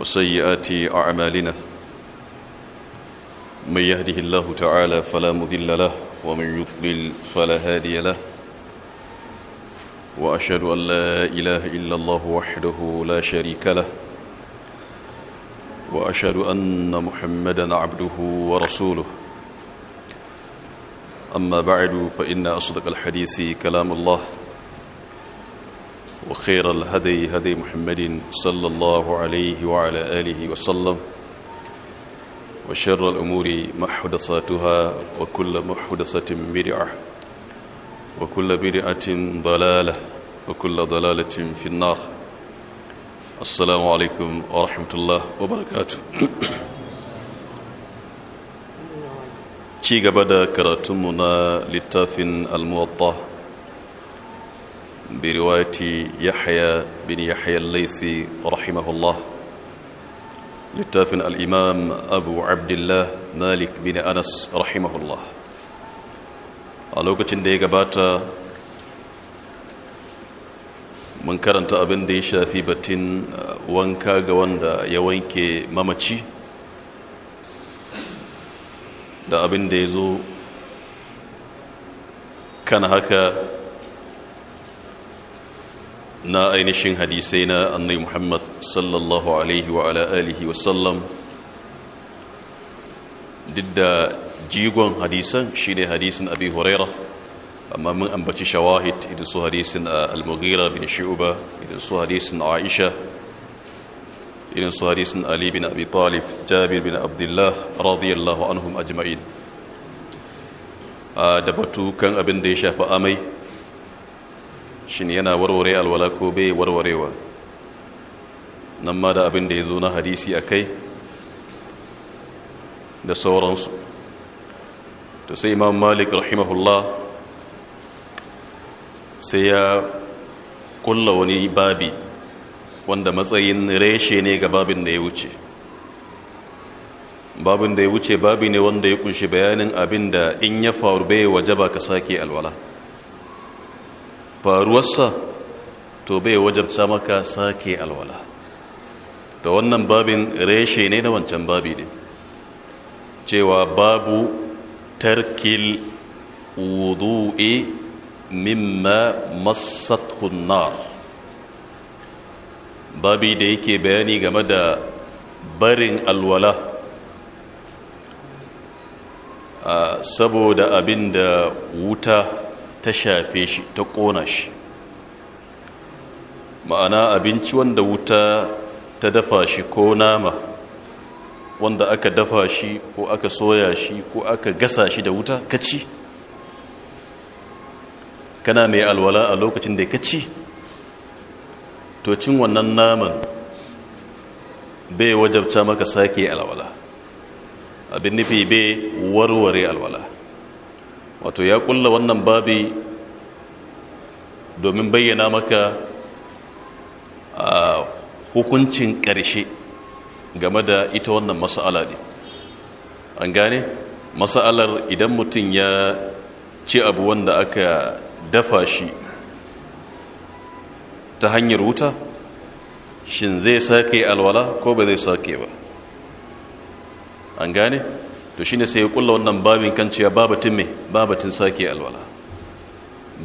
وسيئات أعمالنا من يهده الله تعالى فلا مذل له ومن يضلل فلا هادي له وأشهد أن لا إله إلا الله وحده لا شريك له وأشهد أن محمدا عبده ورسوله أما بعد فإن أصدق الحديث كلام الله وخير الهدي هدي محمد صلى الله عليه وعلى آله وسلم وشر الأمور محدثاتها وكل محدثة برعة وكل برعة ضلالة وكل ضلالة في النار السلام عليكم ورحمة الله وبركاته ci gaba كراتمنا karatunmu الموطأ برواية يحيى بن يحيى الليثي رحمه الله لتافن الإمام أبو عبد الله مالك بن أنس رحمه الله a lokacin da ya gabata mun karanta abin da ya shafi batun wanka ga wanda ya wanke mamaci da abin da ya zo kan haka na ainihin hadisai na annai muhammad sallallahu alaihi wa ala alihi wasallam duk da jigon hadisan ne hadisin abi huraira amma mun ambaci shawahid idan su hadisin ah, al-mughira bin shu'ba idan su hadisin aisha idan su hadisin ali bin abi talib jabir bin abdullah radiyallahu anhum ajma'in ah, da batu kan abin da ya shafi amai shin yana warware alwala ko bai warwarewa nan ma da abin da ya zo na hadisi a kai da sauransu to sai imam malik rahimahullah sai ya kulla wani babi wanda matsayin reshe ne ga babin da ya wuce babin da ya wuce babi ne wanda ya kunshi bayanin abin da in ya faru bai wajaba ka sake alwala faruwarsa to bai wajabta maka sake alwala da wannan babin reshe ne na wancan babi ne cewa babu tarkil wudu'i mimma massathun hunar babi da yake bayani game da barin alwala saboda abin da wuta ta shafe shi ta ƙona shi ma'ana abinci wanda wuta ta dafa shi ko nama wanda aka dafa shi ko aka soya shi ko aka gasa shi da wuta kaci kana mai alwala a lokacin da kaci to cin wannan naman bai wajabta maka sake alwala abin nufi bai warware alwala wato ya kulla wannan babi domin bayyana maka a hukuncin ƙarshe game da ita wannan mas'ala ne an gane mas'alar idan mutum ya ci abu wanda aka dafa shi ta hanyar wuta shin zai sake alwala ko ba zai sake ba an gane to shine sai ya kulla wannan babin kan cewa babatin me babatin sake alwala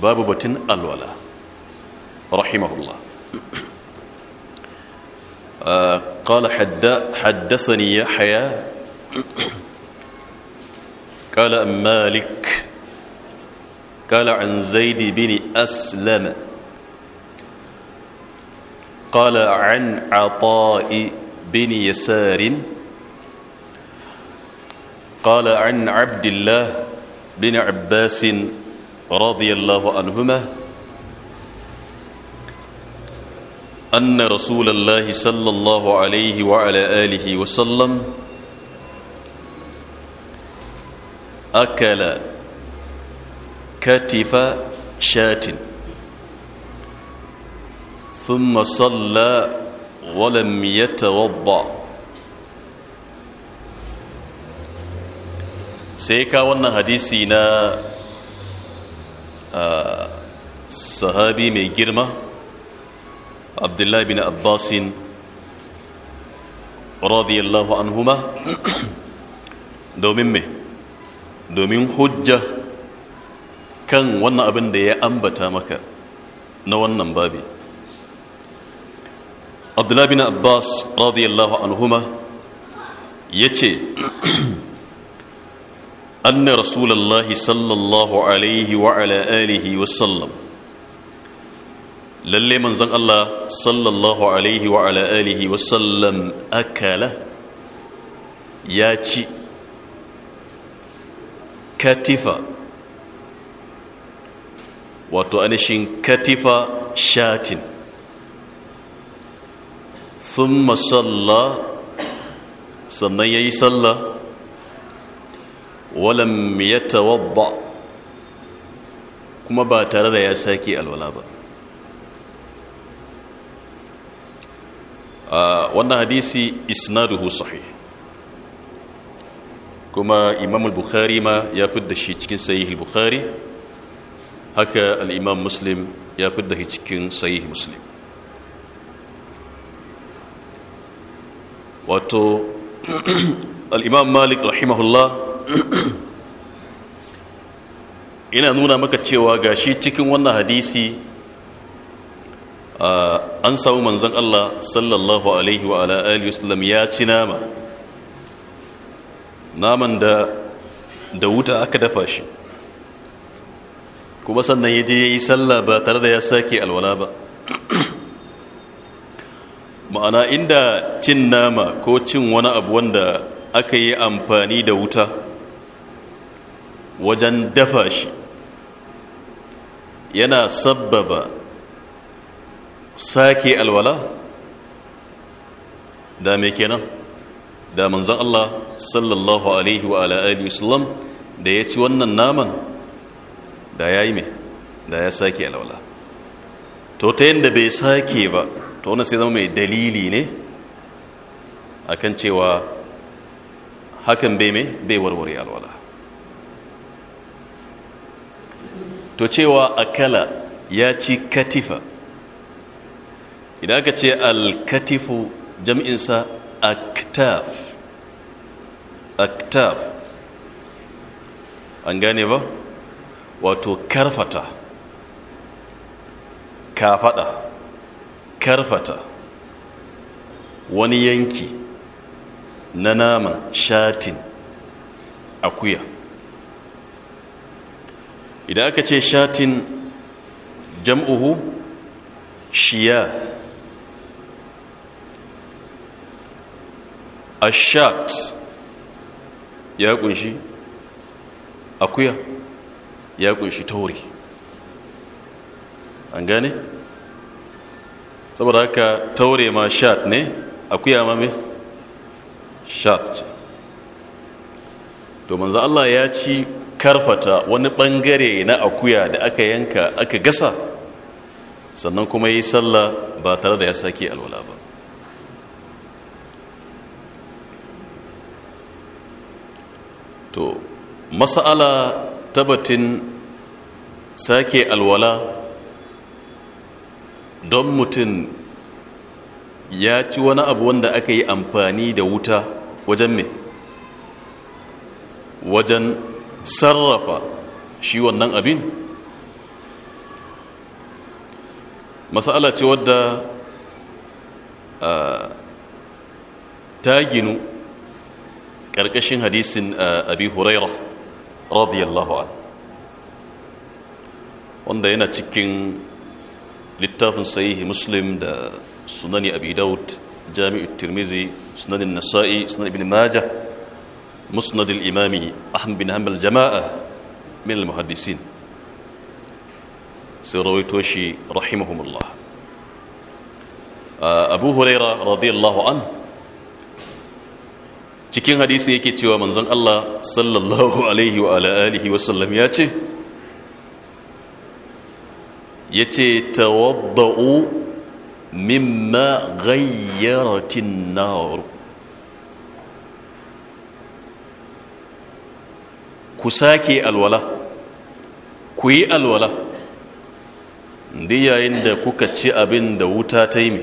babu batin alwala rahimahullah قال حد حدثني يحيى قال مالك قال عن زيد بن أسلم قال عن عطاء بن يسار قال عن عبد الله بن عباس رضي الله عنهما أن رسول الله صلى الله عليه وعلى آله وسلم أكل كتف شاة ثم صلى ولم يتوضأ sai ka wannan hadisi na sahabi mai girma abdullahi bin abbasin radiyallahu anhuma domin me domin hujja kan wannan abin da ya ambata maka na wannan babi abdullahi bin abbas radiyallahu anhuma ya ce أن رسول الله صلى الله عليه وعلى آله وسلم للي من زن الله صلى الله عليه وعلى آله وسلم أكل ياتي كتفا وتؤنشين كتفا شاتن ثم صلى sannan ya yi sallah walam ya tawadda kuma ba tare da ya sake alwala ba ah, wannan hadisi isnaduhu sahih kuma imam al-bukhari ma ya fidda shi cikin sahih al-bukhari haka al-imam muslim ya fidda shi cikin sahih muslim wato al-imam malik rahimahullah ina nuna maka cewa gashi cikin wannan hadisi an samu manzon Allah sallallahu alaihi wa ya ci nama naman da da wuta aka dafa shi kuma sannan ya je ya yi sallah ba tare da ya sake alwala ba ma'ana inda cin nama ko cin wani abu wanda aka yi amfani da wuta wajen dafa shi yana sabbaba sake alwala da mai kenan da manzan Allah sallallahu alaihi wa alaihi wasallam da ya ci wannan naman da ya yi mai da ya sake alwala to ta yadda bai sake ba to wani sai zama mai dalili ne akan cewa hakan bai mai bai warware alwala to cewa akala ya ci katifa idan aka ce alkatifu jam'insa aktaf aktaf an gane ba wato karfata kafada karfata wani yanki na naman shatin akuya idan aka ce shatin jam'uhu shiya shat ya kunshi akuya ya kunshi tauri an gane saboda haka taure ma shat ne akuya ma me shat to manzo Allah ya ci karfata wani bangare na akuya da aka yanka aka gasa sannan kuma yi sallah ba tare da ya sake alwala ba to masala tabbatin sake alwala don mutum ya ci wani abu wanda aka yi amfani da wuta wajen mai wajen sarrafa shi wannan abin masala ce wadda ah, ta ginu ƙarƙashin hadisin ah, abi huraira radiyallahu an wanda yana cikin littafin sahihi muslim da sunani abi daud jami'ut tirmizi sunanin nasa'i sunan ibn majah مسند الإمام أحمد بن حنبل جماعة من المحدثين سرويتوشي رحمهم الله أبو هريرة رضي الله عنه cikin hadisi yake cewa manzon Allah sallallahu alaihi wa ala wa sallam ya ce yace tawaddau mimma ghayyaratin ku sake alwala ku yi alwala Ndi yayin da kuka ci abin da wuta ta yi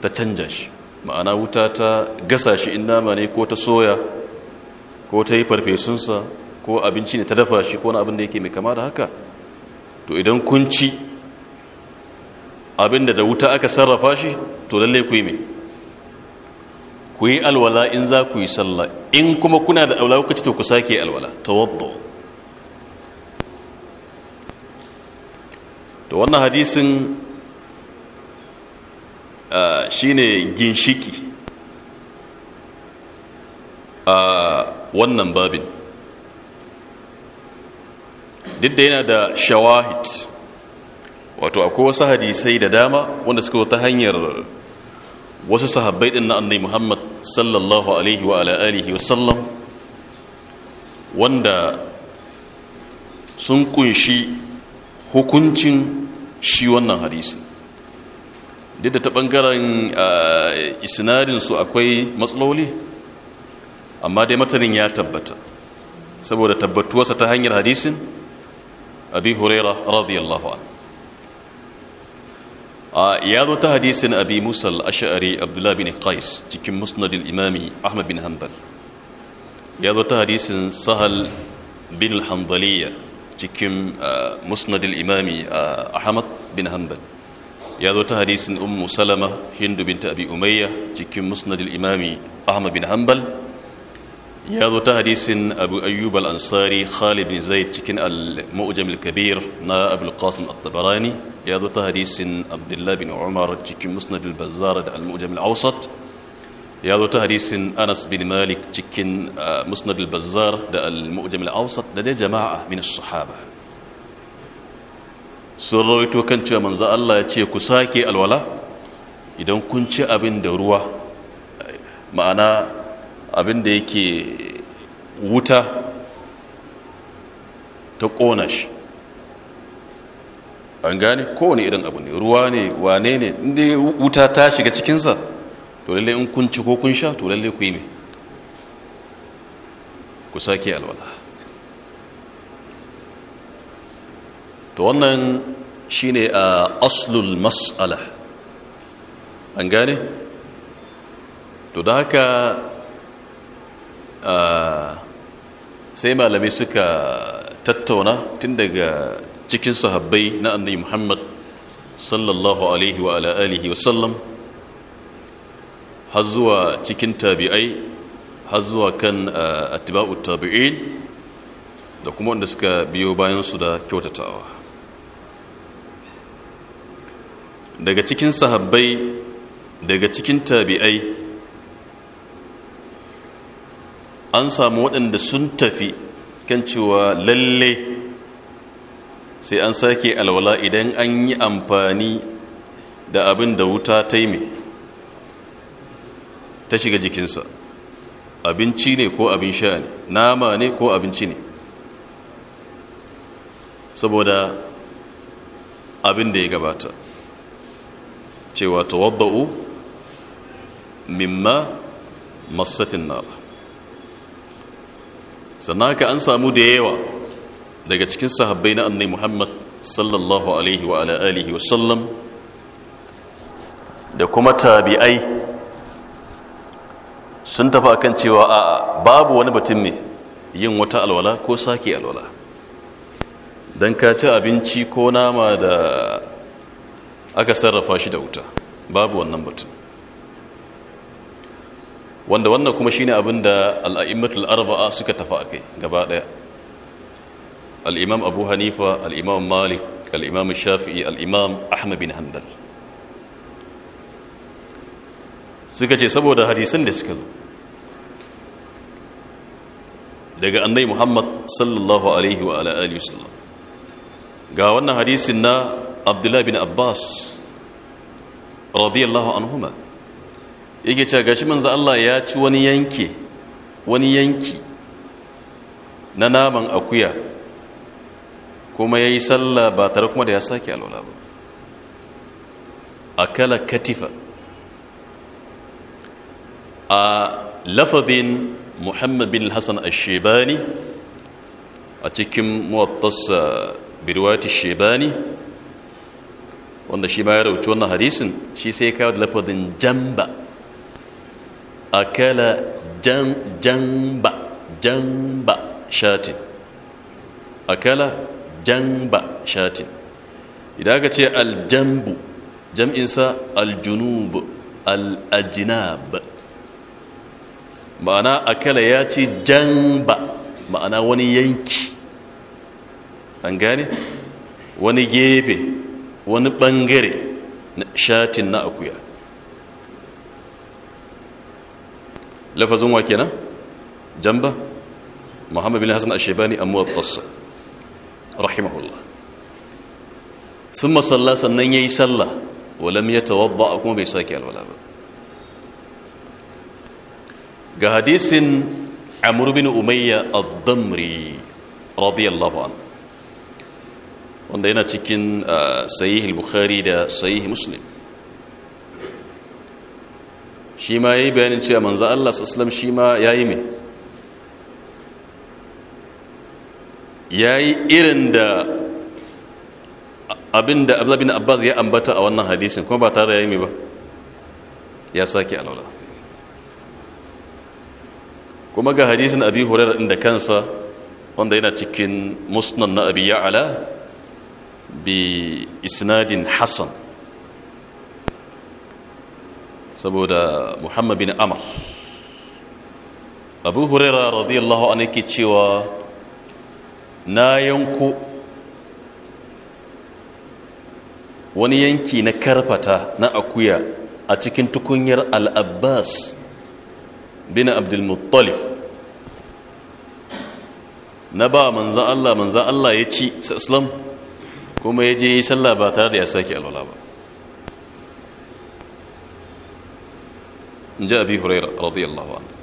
ta canja shi ma'ana wuta ta gasa shi in nama ne ko ta soya ko ta yi farfesunsa ko abinci ne ta dafa shi ko na abin da yake mai kama da haka to idan kun ci abin da da wuta aka sarrafa shi to lallai ku yi mai ku yi alwala in za ku yi sallah in kuma kuna da alwala kuka to ku sake alwala tawaddu to wannan hadisin shine ginshiki a wannan babin duk da yana da shawahit, wato akwai wasu hadisai da dama wanda suka ta hanyar wasu sahabbai din na annai muhammad sallallahu alaihi wa alihi wasallam wanda sun kunshi hukuncin shi wannan hadisi duk da ta bangaren su akwai matsaloli amma dai matanin ya tabbata saboda tabbatuwarsa ta hanyar hadisin abi huraira radiyallahu anhu Ah, ya zo ta hadisin abi musal al-ash'ari abdullah bin qais cikin musnad al-imami ahmad bin hanbal ya zo ta hadisin sahal bin al-hanbaliya cikin ah, musnad al-imami ah, ahmad bin hanbal ya zo ta hadisin ummu salama hindu binta abi umayya cikin musnad al-imami ahmad bin hanbal ya zo ta hadisin abu ayyub al-ansari khalid bin zaid cikin al-mu'jam al-kabir na abul qasim at-tabarani ya zo ta hadisin abdullah bin umar cikin musnad al-bazzar da al-mu'jam al-awsat ya zo ta hadisin anas bin malik cikin uh, musnad al-bazzar da al-mu'jam al-awsat da dai jama'a min as-sahaba sun rawaito kan cewa manzo Allah ya ce ku sake alwala idan kun ci abin da ruwa ma'ana abin da yake wuta ta ƙona shi an gane kowane irin abu ne ruwa ne wane ne inda wuta ta shiga cikinsa to lalle in kun ci ko kun sha to lalle ku yi ne ku sake alwala to wannan shine a aslul mas'ala an gane to da haka Ah, sai malamai suka tattauna tun daga cikin sahabbai na annabi muhammad sallallahu alaihi wa alihi wasallam har zuwa cikin tabi'ai har zuwa kan ah, atiba'u tabi'in da kuma wanda suka biyo bayansu da kyautatawa daga cikin sahabbai daga cikin tabi'ai an samu waɗanda sun tafi kan cewa lalle sai an sake alwala idan an yi amfani da abin da wuta ta yi ta shiga jikinsa abinci ne ko abin sha ne nama ne ko abinci ne saboda abin da ya gabata cewa tawadda'u mimma masatin nala sannan haka an samu da yawa daga cikin sahabbai na annai muhammad sallallahu alaihi wa alaihi wa sallam da kuma tabi'ai sun tafi akan cewa a babu wani batun ne yin wata alwala ko sake alwala don ka ci abinci ko nama da aka sarrafa shi da wuta babu wannan batun wanda wannan kuma shine abin da al'a'immatul arba'a suka tafa a kai gaba ɗaya al'imam abu hanifa al'imam malik al'imam shafi'i al'imam ahmad bin hanbal suka ce saboda hadisan da suka zo daga annai muhammad sallallahu alaihi wa ala'ali wasallam ga wannan hadisin na abdullahi bin abbas radiyallahu anhumar yake ce gashi manzo Allah ya ci wani yanki wani yanki na naman akuya kuma ya yi sallah ba tare kuma da ya sake alwala ba a kala katifa a lafazin muhammad bin hassan ashebani a cikin muwattasa uh, birwati shebani wanda shi ma ya rauci wannan hadisin shi sai ya kawo da lafazin jamba akala janba janba shatin akala janba shatin idan aka ce aljambu jam'insa aljunub al'ajinab ma'ana akala ya ci janba ma'ana wani yanki an gane wani gefe wani ɓangare shatin na akuya lafazin wa kenan jamba muhammad bin hasan ashebani a muwattasa rahimahullah sun masalla sannan yayi salla sallah walam ya a kuma bai sake alwala ba ga hadisin amur bin umayya al-damri radiyallahu anhu wanda yana cikin ah, sahih al-bukhari da sahih muslim shi ma ya yi bayanin cewa manzo Allah sallam shi ma ya yi ya yi irin da abin da abin abbas ya ambata a wannan hadisin kuma ba tare da ya yi ba ya sake alaula kuma ga hadisin abi hurairar inda kansa wanda yana cikin musnan na abi ya'ala bi isnadin hassan saboda muhammad bin amr abu huraira radiyallahu an yake cewa na yanko wani yanki na karfata na akuya a cikin tukunyar al'abbas bin abdulmuttalib na ba manzan allah manzan allah ya ci islam kuma ya je yi sallah ba tare da ya sake alwala ba in ji abi huraira radiyallahu anhu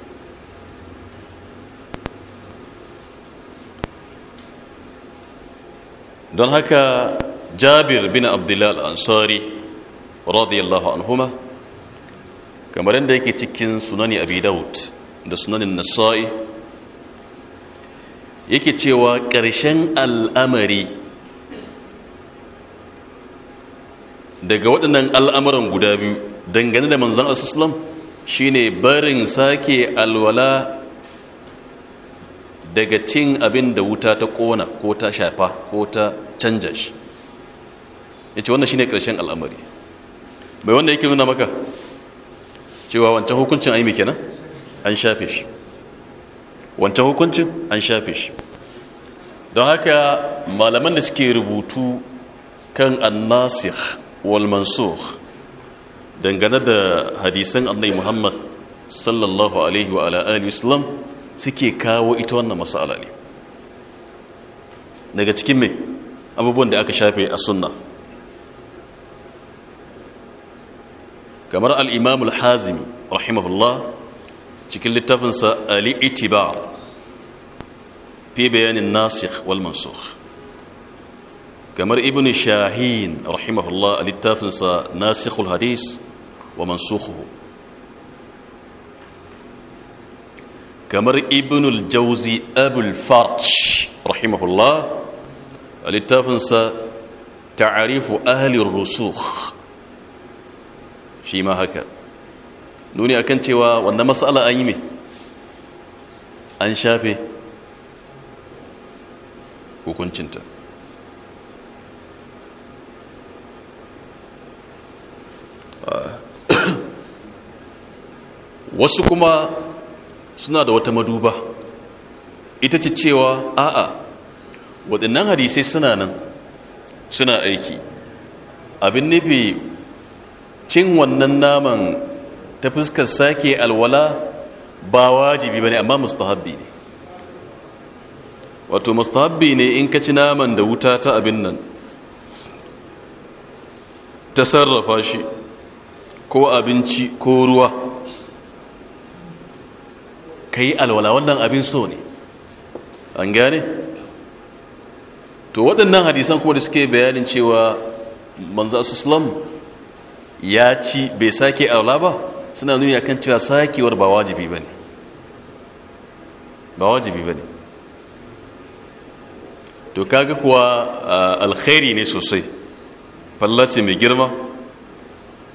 don haka jabir bin abdullal ansari radiyallahu anhuma kamar yadda yake cikin sunani abi daud da sunanin nasa'i yake cewa ƙarshen al'amari daga waɗannan al'amuran guda biyu dangane da manzan al'asaslam shine barin sake alwala daga cin abin da wuta ta kona ko ta shafa ko ta canja shi ya ce wannan shine ƙarshen al'amari mai wanda yake nuna maka cewa wancan hukuncin aimi kenan an shafe shi wancan hukuncin an shafe shi don haka malaman da suke rubutu kan annasir wal mansur dangane da hadisan annai muhammad sallallahu alaihi wa ala'ali islam suke kawo ita wannan ne daga cikin mai abubuwan da aka shafe a sunna kamar al'imamul hazimi rahimahullah cikin littafinsa ali itiba' fi bayanin nasikh wal mansukh kamar ibn shahin rahimahullah a littafinsa nasikhul hadis wa mansukhuhu kamar ibnul jauzi abul farj rahimahullah a littafinsa ta'arifu ahalin rusukh shi ma haka nuni akan cewa wanda matsala an yi shafe hukuncinta wasu kuma suna da wata maduba ita ce cewa a'a waɗannan hadisai suna nan suna aiki abin nufi cin wannan naman ta fuskar sake alwala ba wajibi ba ne amma mustahabbi ne wato mustahabbi ne in ka ci naman da wuta ta abin nan ta sarrafa shi ko abinci ko ruwa ka yi alwala wannan abin so ne an gane to waɗannan hadisan kuma da suke bayanin cewa manzo islam ya ci bai sake alwala ba suna nuni kan cewa sakewar ba wajibi ba ne ba wajibi ba ne to kaga kuwa ah, alkhairi ne sosai fallace mai girma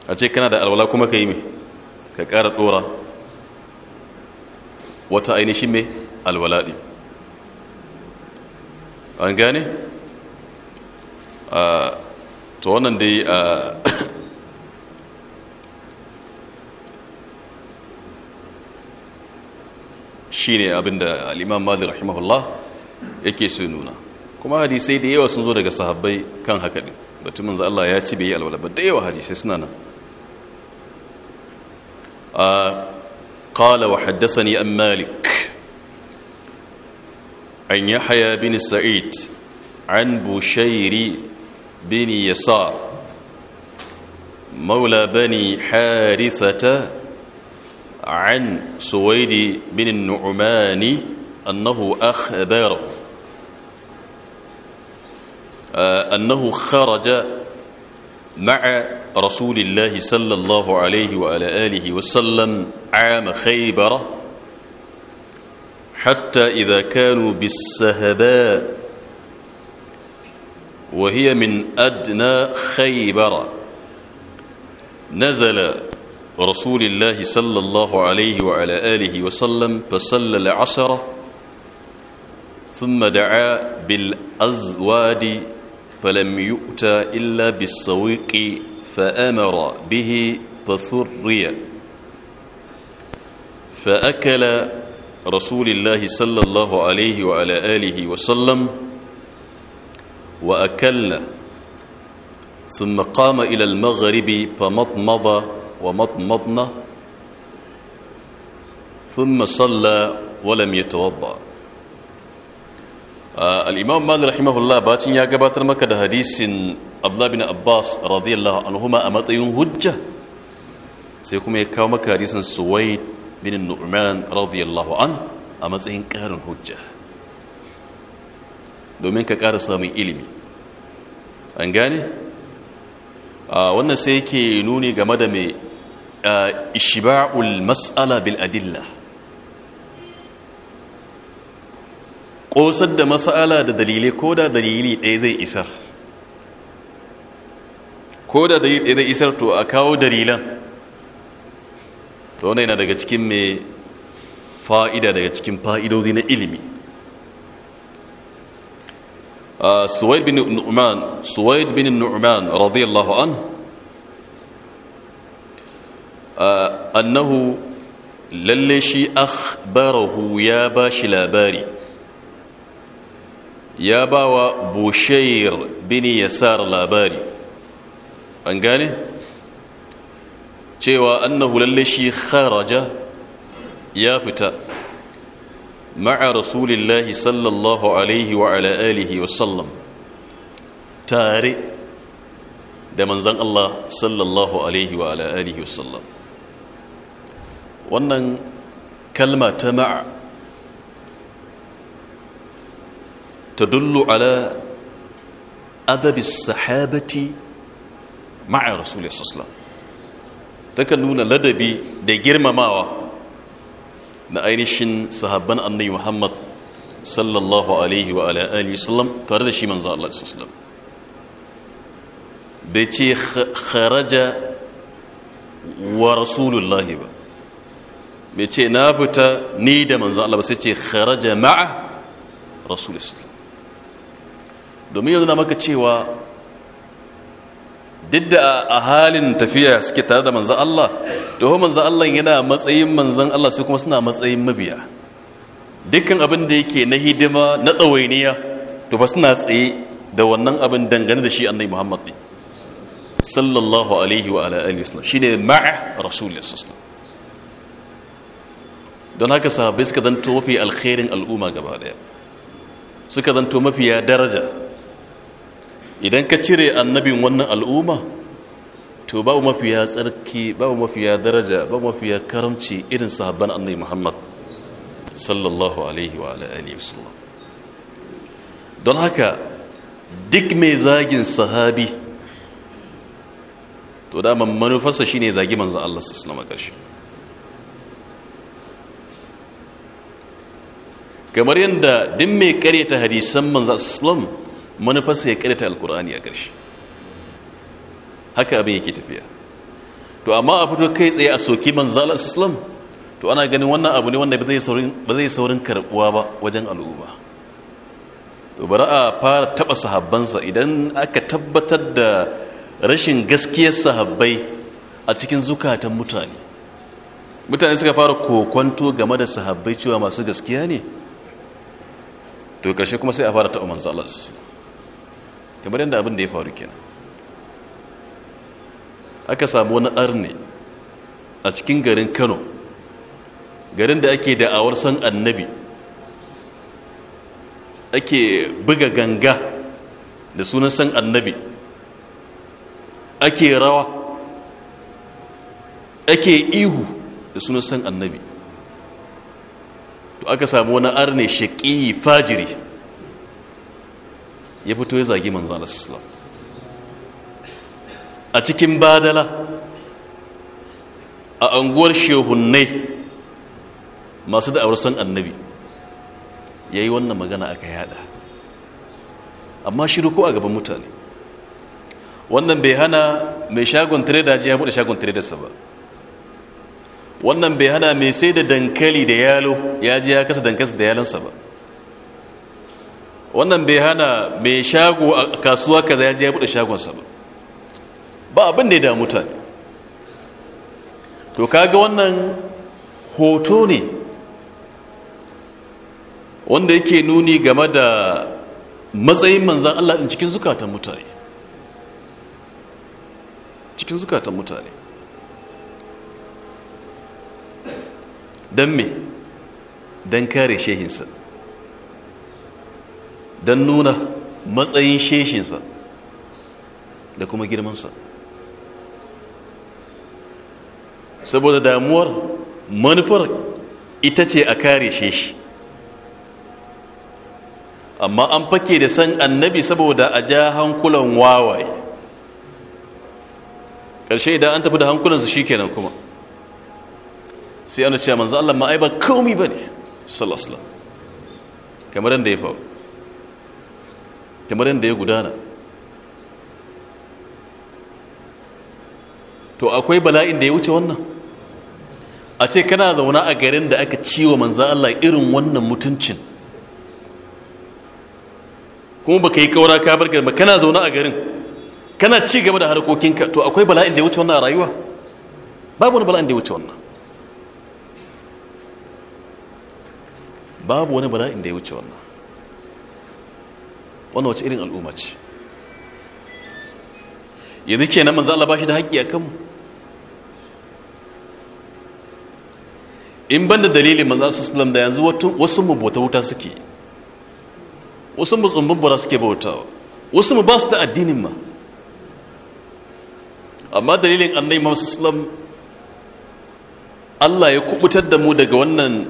a ce kana da alwala kuma ka yi mai ka ƙara ɗora wata ainihin mai alwalaɗi an gane? Ah, ta wannan dai ah, shi ne abinda al'imam malik rahimahullah yake su nuna kuma hadisai da yawa sun zo daga sahabbai kan haka ne batun manzo Allah ya ci bai yi alwala ba da yawa hadisai suna nan ah, قال وحدثني أم مالك عن يحيى بن سعيد عن بشير بن يسار مولى بني حارثة عن سويد بن النعمان أنه أخبره آه، أنه خرج مع رسول الله صلى الله عليه وعلى آله وسلم عام خيبر حتى إذا كانوا بالسهباء وهي من أدنى خيبر نزل رسول الله صلى الله عليه وعلى آله وسلم فصلى العشرة ثم دعا بالأزواد فلم يؤت إلا بالسويق فأمر به فثري فأكل رسول الله صلى الله عليه وعلى آله وسلم وأكل ثم قام إلى المغرب فمضمض ومضمضنا ثم صلى ولم يتوضأ al'imam malik rahimahullah bacin ya gabatar maka da hadisin abdullahi bin abbas radiyallahu anhuma a matsayin hujja sai kuma ya kawo maka hadisin suwaid bin nu'man radiyallahu an a matsayin ƙarin hujja domin ka ƙara samun ilimi an gane wannan sai yake nuni game da mai ishiba'ul mas'ala bil adillah ƙosar da masala da dalilai ko da dalili ɗaya zai isar ko da dalili ɗaya zai isar to a kawo dalilan to wannan yana daga cikin mai fa'ida daga cikin fa'idodi na ilimi suwaid bin nu'man suwaid bin nu'man radiyallahu an annahu lalle shi asbarahu ya ba shi labari ya ba wa bushayir bin yasar labari an gane cewa annahu lalle shi kharaja ya fita ma'a rasulillahi sallallahu alaihi wa ala alihi wa sallam tare da manzan Allah sallallahu alaihi wa ala alihi wa sallam wannan kalma ta ma'a dullu ala adabi sahabati ma'a rasulullah sallallahu takan nuna ladabi da girmamawa na ainihin sahabban annabi Muhammad sallallahu alaihi wa sallam tare da shi manzo Allah sallallahu bai ce kharaja wa rasulullah ba bai ce na fita ni da manzo Allah sai ce kharaja ma'a domin yanzu na maka cewa duk da a halin tafiya suke tare da manzan Allah domin manzan Allah yana matsayin manzan Allah sai kuma suna matsayin mabiya dukkan abin da yake na hidima na ɗawainiya to ba suna tsaye da wannan abin dangane da shi annai muhammad ne sallallahu alaihi wa alaihi shi ne ma'a rasulullah sallallahu don haka sahabbai suka zanto mafi alkhairin al'umma gaba daya suka zanto mafiya daraja idan ka cire annabin wannan al'umma to babu mafiya tsarki babu mafiya daraja babu mafiya karamci irin sahabban annabi muhammad sallallahu alaihi wa alihi wasallam don haka duk mai zagin sahabi to dama manufarsa shine zagi manzo Allah sallallahu alaihi kamar yadda duk mai karyata hadisan manzo sallallahu manufarsa ya karanta alkur'ani a ƙarshe haka abin yake tafiya to amma a fito kai tsaye a soki manzala islam to ana ganin wannan abu ne wanda ba zai saurin karbuwa ba wajen al'umma to bari a fara taba sahabbansa idan aka tabbatar da rashin gaskiyar sahabbai a cikin zukatan mutane mutane suka fara kokonto game da sahabbai cewa masu gaskiya ne to ƙarshe kuma sai a fara taɓa manzala. islam kamar yadda abin da ya faru kenan aka samu wani arne a cikin garin kano garin da ake da'awar san annabi ake buga ganga da sunan san annabi ake rawa ake ihu da sunan san annabi to aka samu wani arne shaƙi fajiri ya fito ya zagi manzo Allah sallallahu a cikin badala a anguwar shehunnai masu da'awar san annabi yayi wannan magana aka yada amma shiru ko a gaban mutane wannan bai hana mai shagon trader ji ya bude shagon trader sa ba wannan bai hana mai sai da dankali da yalo ya ji ya kasa dankali da yalansa ba wannan bai hana mai shago a kasuwa kaza ya je ya bude shagonsa ba ba abin da ya da mutane to kaga wannan hoto ne wanda yake nuni game da matsayin manzan Allah ɗin cikin zukatan mutane cikin zukatan mutane don me don kare shehinsa don nuna matsayin sheshinsa da kuma girmansa saboda damuwar manufar ita ce a kare sheshi amma an fake da san annabi saboda a ja hankulan wawaye ƙarshe idan an tafi da hankulansu shi kenan kuma sai ana cewa manzo Allah ma'aibar komi ba ne salasla kamar da ya faru kamar yadda ya gudana to akwai bala'in da ya wuce wannan a ce kana zauna a garin da aka ciwo manza Allah irin wannan mutuncin kuma baka yi kaura ka bar garin ba kana zauna a garin kana ci gaba da harkokinka to akwai bala'in da ya wuce wannan a rayuwa babu wani bala'in da ya wuce wannan babu wani bala'in da ya wuce wannan wani wace irin al'umma ce yanzu kenan manzala Allah bashi da haƙƙi a kanmu in da dalilin manzo sallallahu da yanzu wasu mu bauta wuta suke wasu mu tsumbun bura suke bauta wasu mu ba su da addinin ma amma dalilin annabi Muhammad sallallahu Allah ya kubutar da mu daga wannan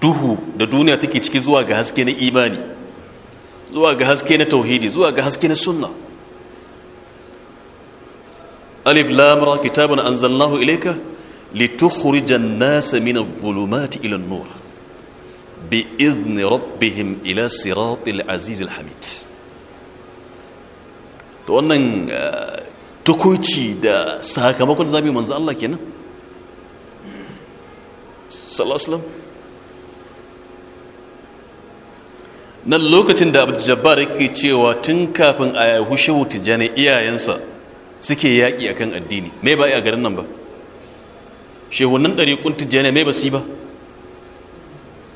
duhu da duniya take ciki zuwa ga haske na imani zuwa ga haske na tauhidi zuwa ga haske na sunna alif lam ra kitabun anzalnahu ilayka litukhrijan an-nasa min adh-dhulumati ila an-nur bi'izni rabbihim ila siratil azizil hamid to wannan eh, tukuci da sakamakon zabi manzo Allah kenan sallallahu alaihi wasallam nan lokacin da abu jabbar yake cewa tun kafin a hushe wuti jane iyayensa suke yaƙi akan addini mai ba a garin nan ba shehunan ɗariƙun jane mai ba su ba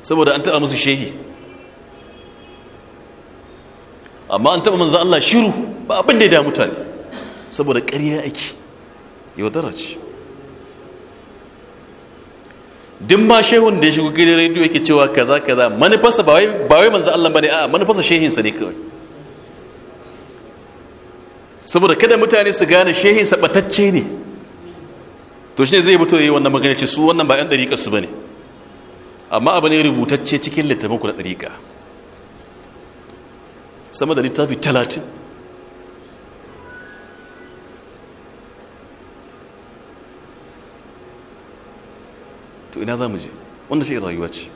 saboda an taɓa musu shehi amma an taɓa manzan Allah shiru ba abin da ya da mutane saboda ƙarya ake dara ce din ma shehun da ya shigo gidan rediyo yake cewa kaza kaza manufarsa ba wai ba wai manzo Allah bane a'a manufarsa sa ne kawai saboda kada mutane su gane shehin sa batacce ne to shine zai fito yi wannan magana ce su wannan ba yan dariƙa su bane amma abu ne rubutacce cikin littafin ku na dariƙa sama da littafi talatin to ina za mu je wanda shi rayuwa ce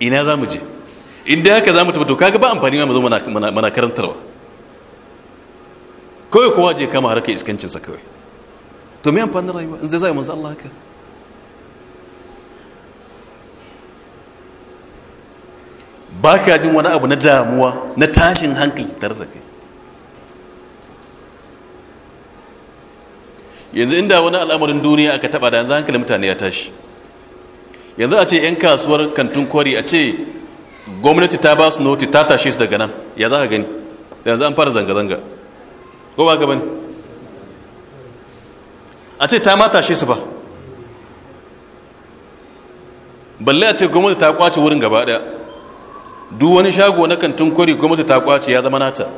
ina za mu je inda haka za mu tafi to kaga ba amfani ma mazo mana karantarwa kawai kowa je kama harkar iskancinsa kawai to mai amfani rayuwa in zai zai manzo Allah haka ba ka jin wani abu na damuwa na tashin hankali tare da kai yanzu inda wani al'amarin duniya aka taba da yanzu hankalin mutane ya tashi yanzu a ce 'yan kasuwar kantin kwari a ce gwamnati ta ba su noti ta tashe su daga nan ya za ka gani yanzu an fara zanga-zanga ko ba gaba ne a ce ta ma tashe su ba balle a ce gwamnati ta kwace wurin gaba daya duk wani shago na kantin kwari gwamnati ta kwace ya zama nata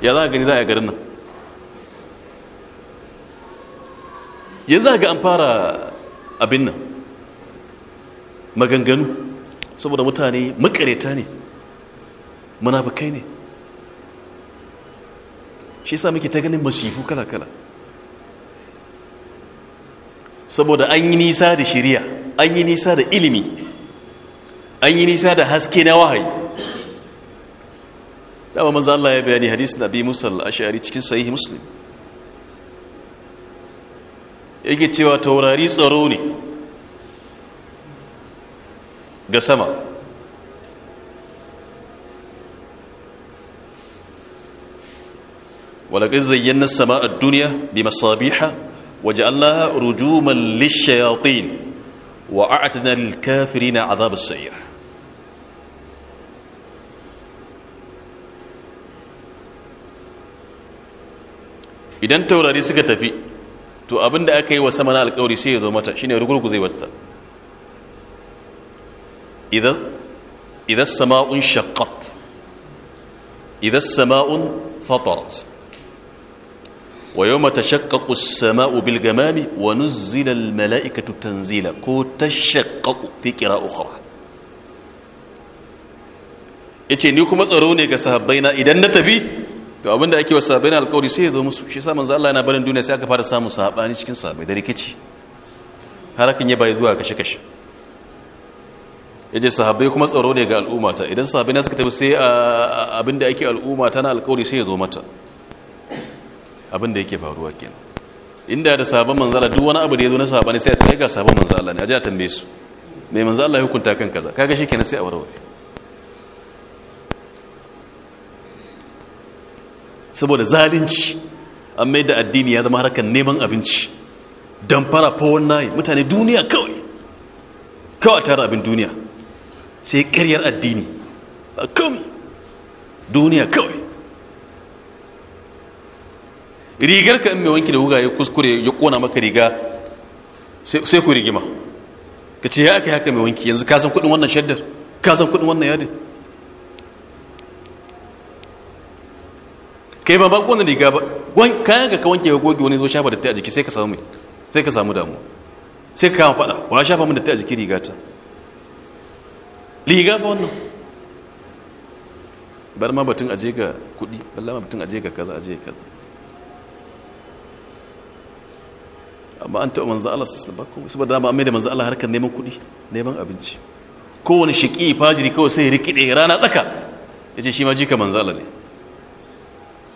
ya za ka gani za a yi garin nan yanzu ga an fara abin nan maganganu saboda mutane makareta ne munafukai ne shi sa muke ta ganin masifu kala-kala saboda an yi nisa da shirya an yi nisa da ilimi an yi nisa da haske na wahayi dama maza Allah ya bayani bi abi musal ashari cikin sahihi muslim yake cewa taurari tsaro ne ga sama walaƙin zayyannar sama a duniya bi masabiha waje Allah rujuman lishayatin wa a'atina lilkafiri na azabar sa'ir idan taurari suka tafi to abin da aka yi wa sama na alkawari sai ya zo mata shine rugurgu zai wata idan sama'un shaqqat idan sama'un fatarat wa yawma tashaqqaqu as-sama'u bil gamami wa nuzzila al mala'ikatu tanzila ko tashaqqaqu fi qira'a ukhra yace ni kuma tsaro ne ga sahabbaina idan na tafi to abinda ake wa sahabbai na alƙawari sai ya zo musu shi samun manzo na yana barin duniya sai aka fara samun sahabani cikin sahabbai da rikici har hakan ya bai zuwa kashe kashe yaje sahabbai kuma tsaro ne ga al'umma ta idan sahabbai na suka tafi sai abinda ake al'umma ta na alƙawari sai ya zo mata abinda yake faruwa kenan inda da sabon manzo Allah duk wani abu da ya zo na sabani sai ya tafi ga sabon manzo Allah ne aje a tambaye su ne manzo Allah ya hukunta kan kaza kaga shikenan sai a warware saboda zalunci an mai da addini ya zama harkar neman abinci don fara fowon nayi mutane duniya kawai kawai tara abin duniya sai karyar addini a kan duniya kawai rigar ka in mai wanki da huga ya kuskure ya kona maka riga sai ku rigima ka ce ya aka yaka mai wanki yanzu kasan kudin wannan shaddar kasan kudin wannan yadin kai ba bakon riga ba kayan ka wanke ka goge wani zo shafa da ta a jiki sai ka samu mai sai ka samu damu sai ka kama fada wa shafa mun da ta a jiki riga ta riga fa wannan bar ma batun aje ga kudi balla ma batun aje ga kaza aje ga kaza amma an taɓa manzo Allah sallallahu alaihi wasallam saboda ba mai da manzo Allah harkar neman kudi neman abinci kowane shiki fajiri kawai sai rikide rana tsaka yace shi ma jika manzo Allah ne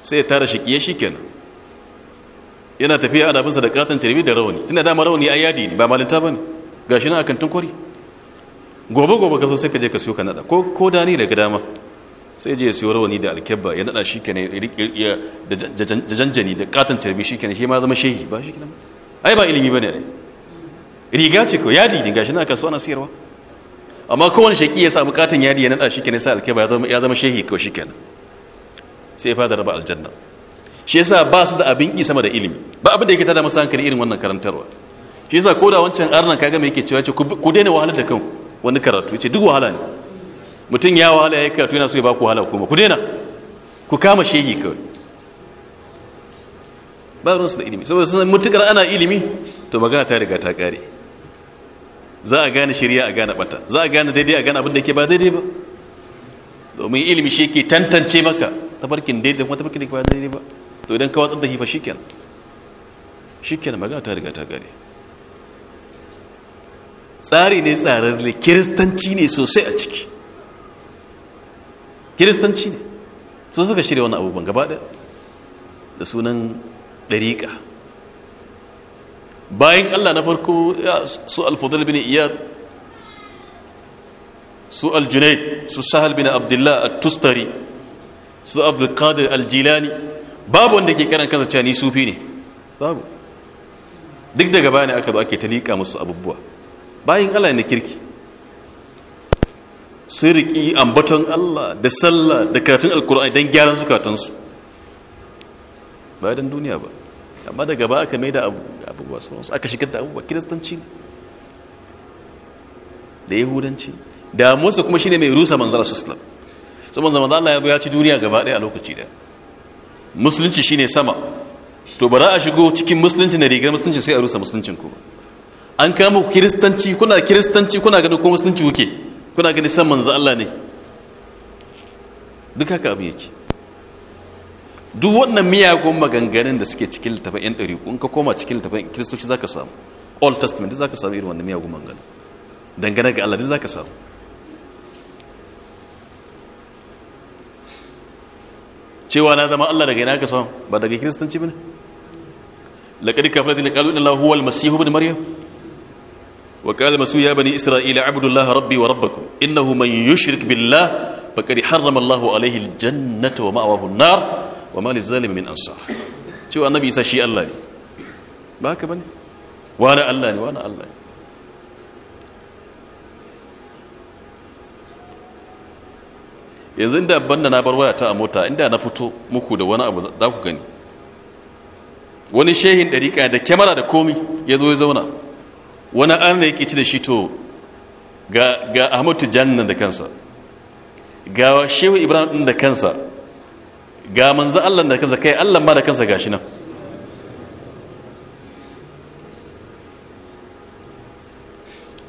sai ya tara shakiye shi kenan yana tafiya a binsa da katon cirbi da rauni tunda dama rauni a yadi ne ba malinta ba ne ga shi nan akan tunkuri gobe gobe ka so sai ka je ka siyo ka nada ko da dani daga dama sai je ya siyo rauni da alkebba ya nada shi kenan da janjani da katon cirbi shi kenan shi ma zama shehi ba shi kenan ai ba ilimi ba ne riga ce ko yadi ne shi nan aka so ana siyarwa amma kowane shaki ya samu katon yadi ya nada shi kenan sai alkebba ya zama shehi ko shi kenan sai ya fada raba aljanna shi yasa ba su da abin ki sama da ilimi ba abin da yake tada musu hankali irin wannan karantarwa shi yasa ko da wancan arnan kaga me yake cewa ce ku daina wahalar da kanku wani karatu yace duk wahala ne mutum ya wahala ya karatu yana so ya ba ku wahala kuma ku daina ku kama shehi kawai ba ruwansu da ilimi saboda sun mutukar ana ilimi to magana ta riga ta kare za a gane shirya a gane bata za a gane daidai a gane abin da yake ba daidai ba domin ilimi shi yake tantance maka tafarkin daidai kuma tafarkin da ba daidai ba to idan ka tsar da shi shiken shikenan shikenan magana ta riga ta gare tsari ne tsararre kiristanci ne sosai a ciki kiristanci ne sun suka shirya wani abubuwan gaba da da sunan ɗariƙa bayan allah na farko ya su alfadar bin iyad su aljunaid su sahal bin abdullah a tustari su abdul qadir al babu wanda ke karan kansa cani ni sufi ne babu duk daga bani aka zo ake talika musu abubuwa bayan Allah ne kirki sun riƙi ambaton Allah da sallah da karatun alkur'ani don gyaran su su ba don duniya ba amma daga ba aka mai da abubuwa sauransu aka shigar da abubuwa kiristanci da yahudanci da musa kuma shine mai rusa manzara su islam saboda manzo Allah ya zo ya ci duniya gaba ɗaya a lokaci da musulunci shine sama to ba za a shigo cikin musulunci na rigar musulunci sai a rusa musuluncin ku an kama ku kiristanci kuna kiristanci kuna ganin ko musulunci kuke kuna gani san manzo Allah ne duk haka abin yake duk wannan miyagun maganganun da suke cikin littafin yan ɗari ka koma cikin littafin kiristoci za ka samu old testament za ka samu irin wannan miyagun maganganun dangane ga Allah duk za ka samu cewa na zama Allah daga ina ka son ba daga kiristanci ba bane laqad kafarati laqalu inna huwa al-masih ibn maryam wa qala al-masih ya bani isra'ila abdullah rabbi wa rabbakum hu man yushrik ba faqad harrama Allahu alayhi al-jannata wa ma'wahu an-nar wa ma lizalimin min ansar cewa annabi isa shi Allah ne ba haka bane wani Allah ne wani Allah ne yanzu inda banda na bar wayata a mota inda na fito muku da wani abu za ku gani wani shehin ɗariƙa da kyamara da komi ya zo ya zauna wani an ya ci da shi to ga ahmad tijjani nan da kansa ga shehu ibrahim ɗin da kansa ga manzan allah da kansa kai allah ma da kansa shi nan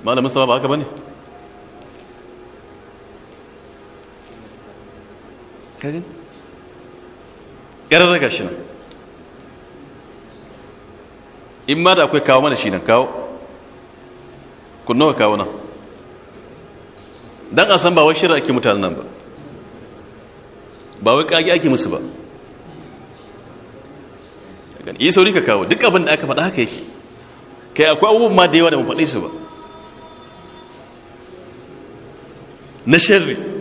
malamin sama ba haka ba ne kagin ƙarar raga shi nan in da akwai kawo mana shi nan kawo kun nawa kawo nan don ba wai shirar ake mutanen ba ba wai ƙage ake musu ba yi sauri ka kawo duk abin da aka faɗa haka yake kai akwai abubuwan ma da yawa da mu faɗi su ba na sharri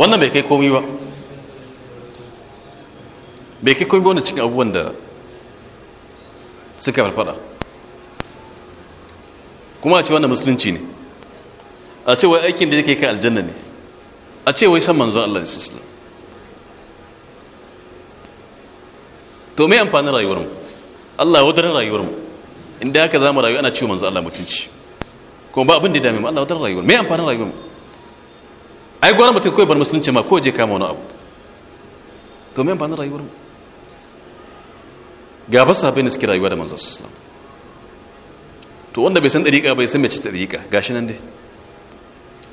wannan bai kai komi ba bai kai komi ba wanda cikin abubuwan da suka farfada kuma a ce wannan musulunci ne a ce wai aikin da yake kai aljanna ne a ce wai san manzon Allah sallallahu alaihi to me rayuwar rayuwarmu Allah wadarin rayuwarmu inda haka mu rayu ana ciwo manzon Allah mutunci kuma ba abin da dame ma Allah wadar rayuwar me rayuwar rayuwarmu ai gwara mutum kawai bar musulunci ma kawai je kama wani abu to me bani rayuwar mu ga ba sahabbai ne suke rayuwa da manzon islam to wanda bai san ɗariƙa bai san ɗariƙa ga gashi nan dai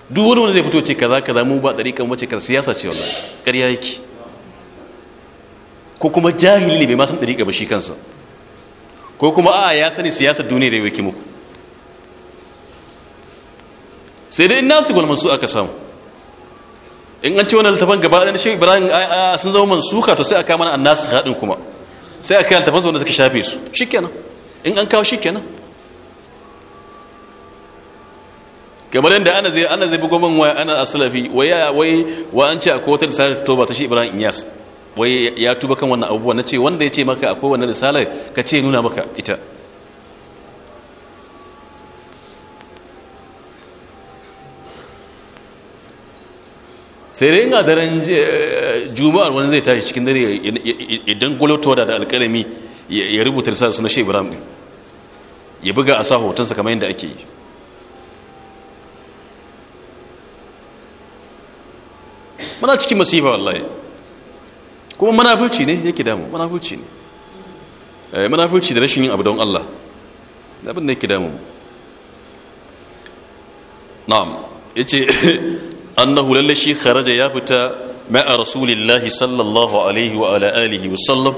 duk wani wanda zai fito ce kaza kaza mu ba ɗariƙa mace kar siyasa ce wallahi ƙarya yake ko kuma jahili ne bai ma san dariƙa ba shi kansa ko kuma a'a ya sani siyasar duniya da yake muku sai dai nasu gwalmansu aka samu in an ce wani littafin gaba ɗaya shi ibrahim sun zama man suka to sai aka mana nasu haɗin kuma sai aka littafin wanda suka shafe su shikenan in an kawo shikenan kamar yadda ana zai ana zai bugo wa ana asalafi ya wai wa an ce akwai wata risala toba ta shi ibrahim inyas wai ya tuba kan wannan abubuwa na ce wanda ya ce maka akwai wannan risalar ka ce nuna maka ita sai dai ga daren juma'ar wani zai tashi cikin dare idan gwalotowa da alkalami ya rubuta risala suna shi ibrahim din ya buga a sa hotonsa kamar yadda ake yi mana cikin masifa wallahi kuma manafurci ne yake damu manafurci ne eh, manafurci da rashin yin abu don Allah abin da yake damu na'am ce. annahu lalle shi kharaja ya fita ma'a rasulillahi sallallahu alaihi wa ala alihi wa sallam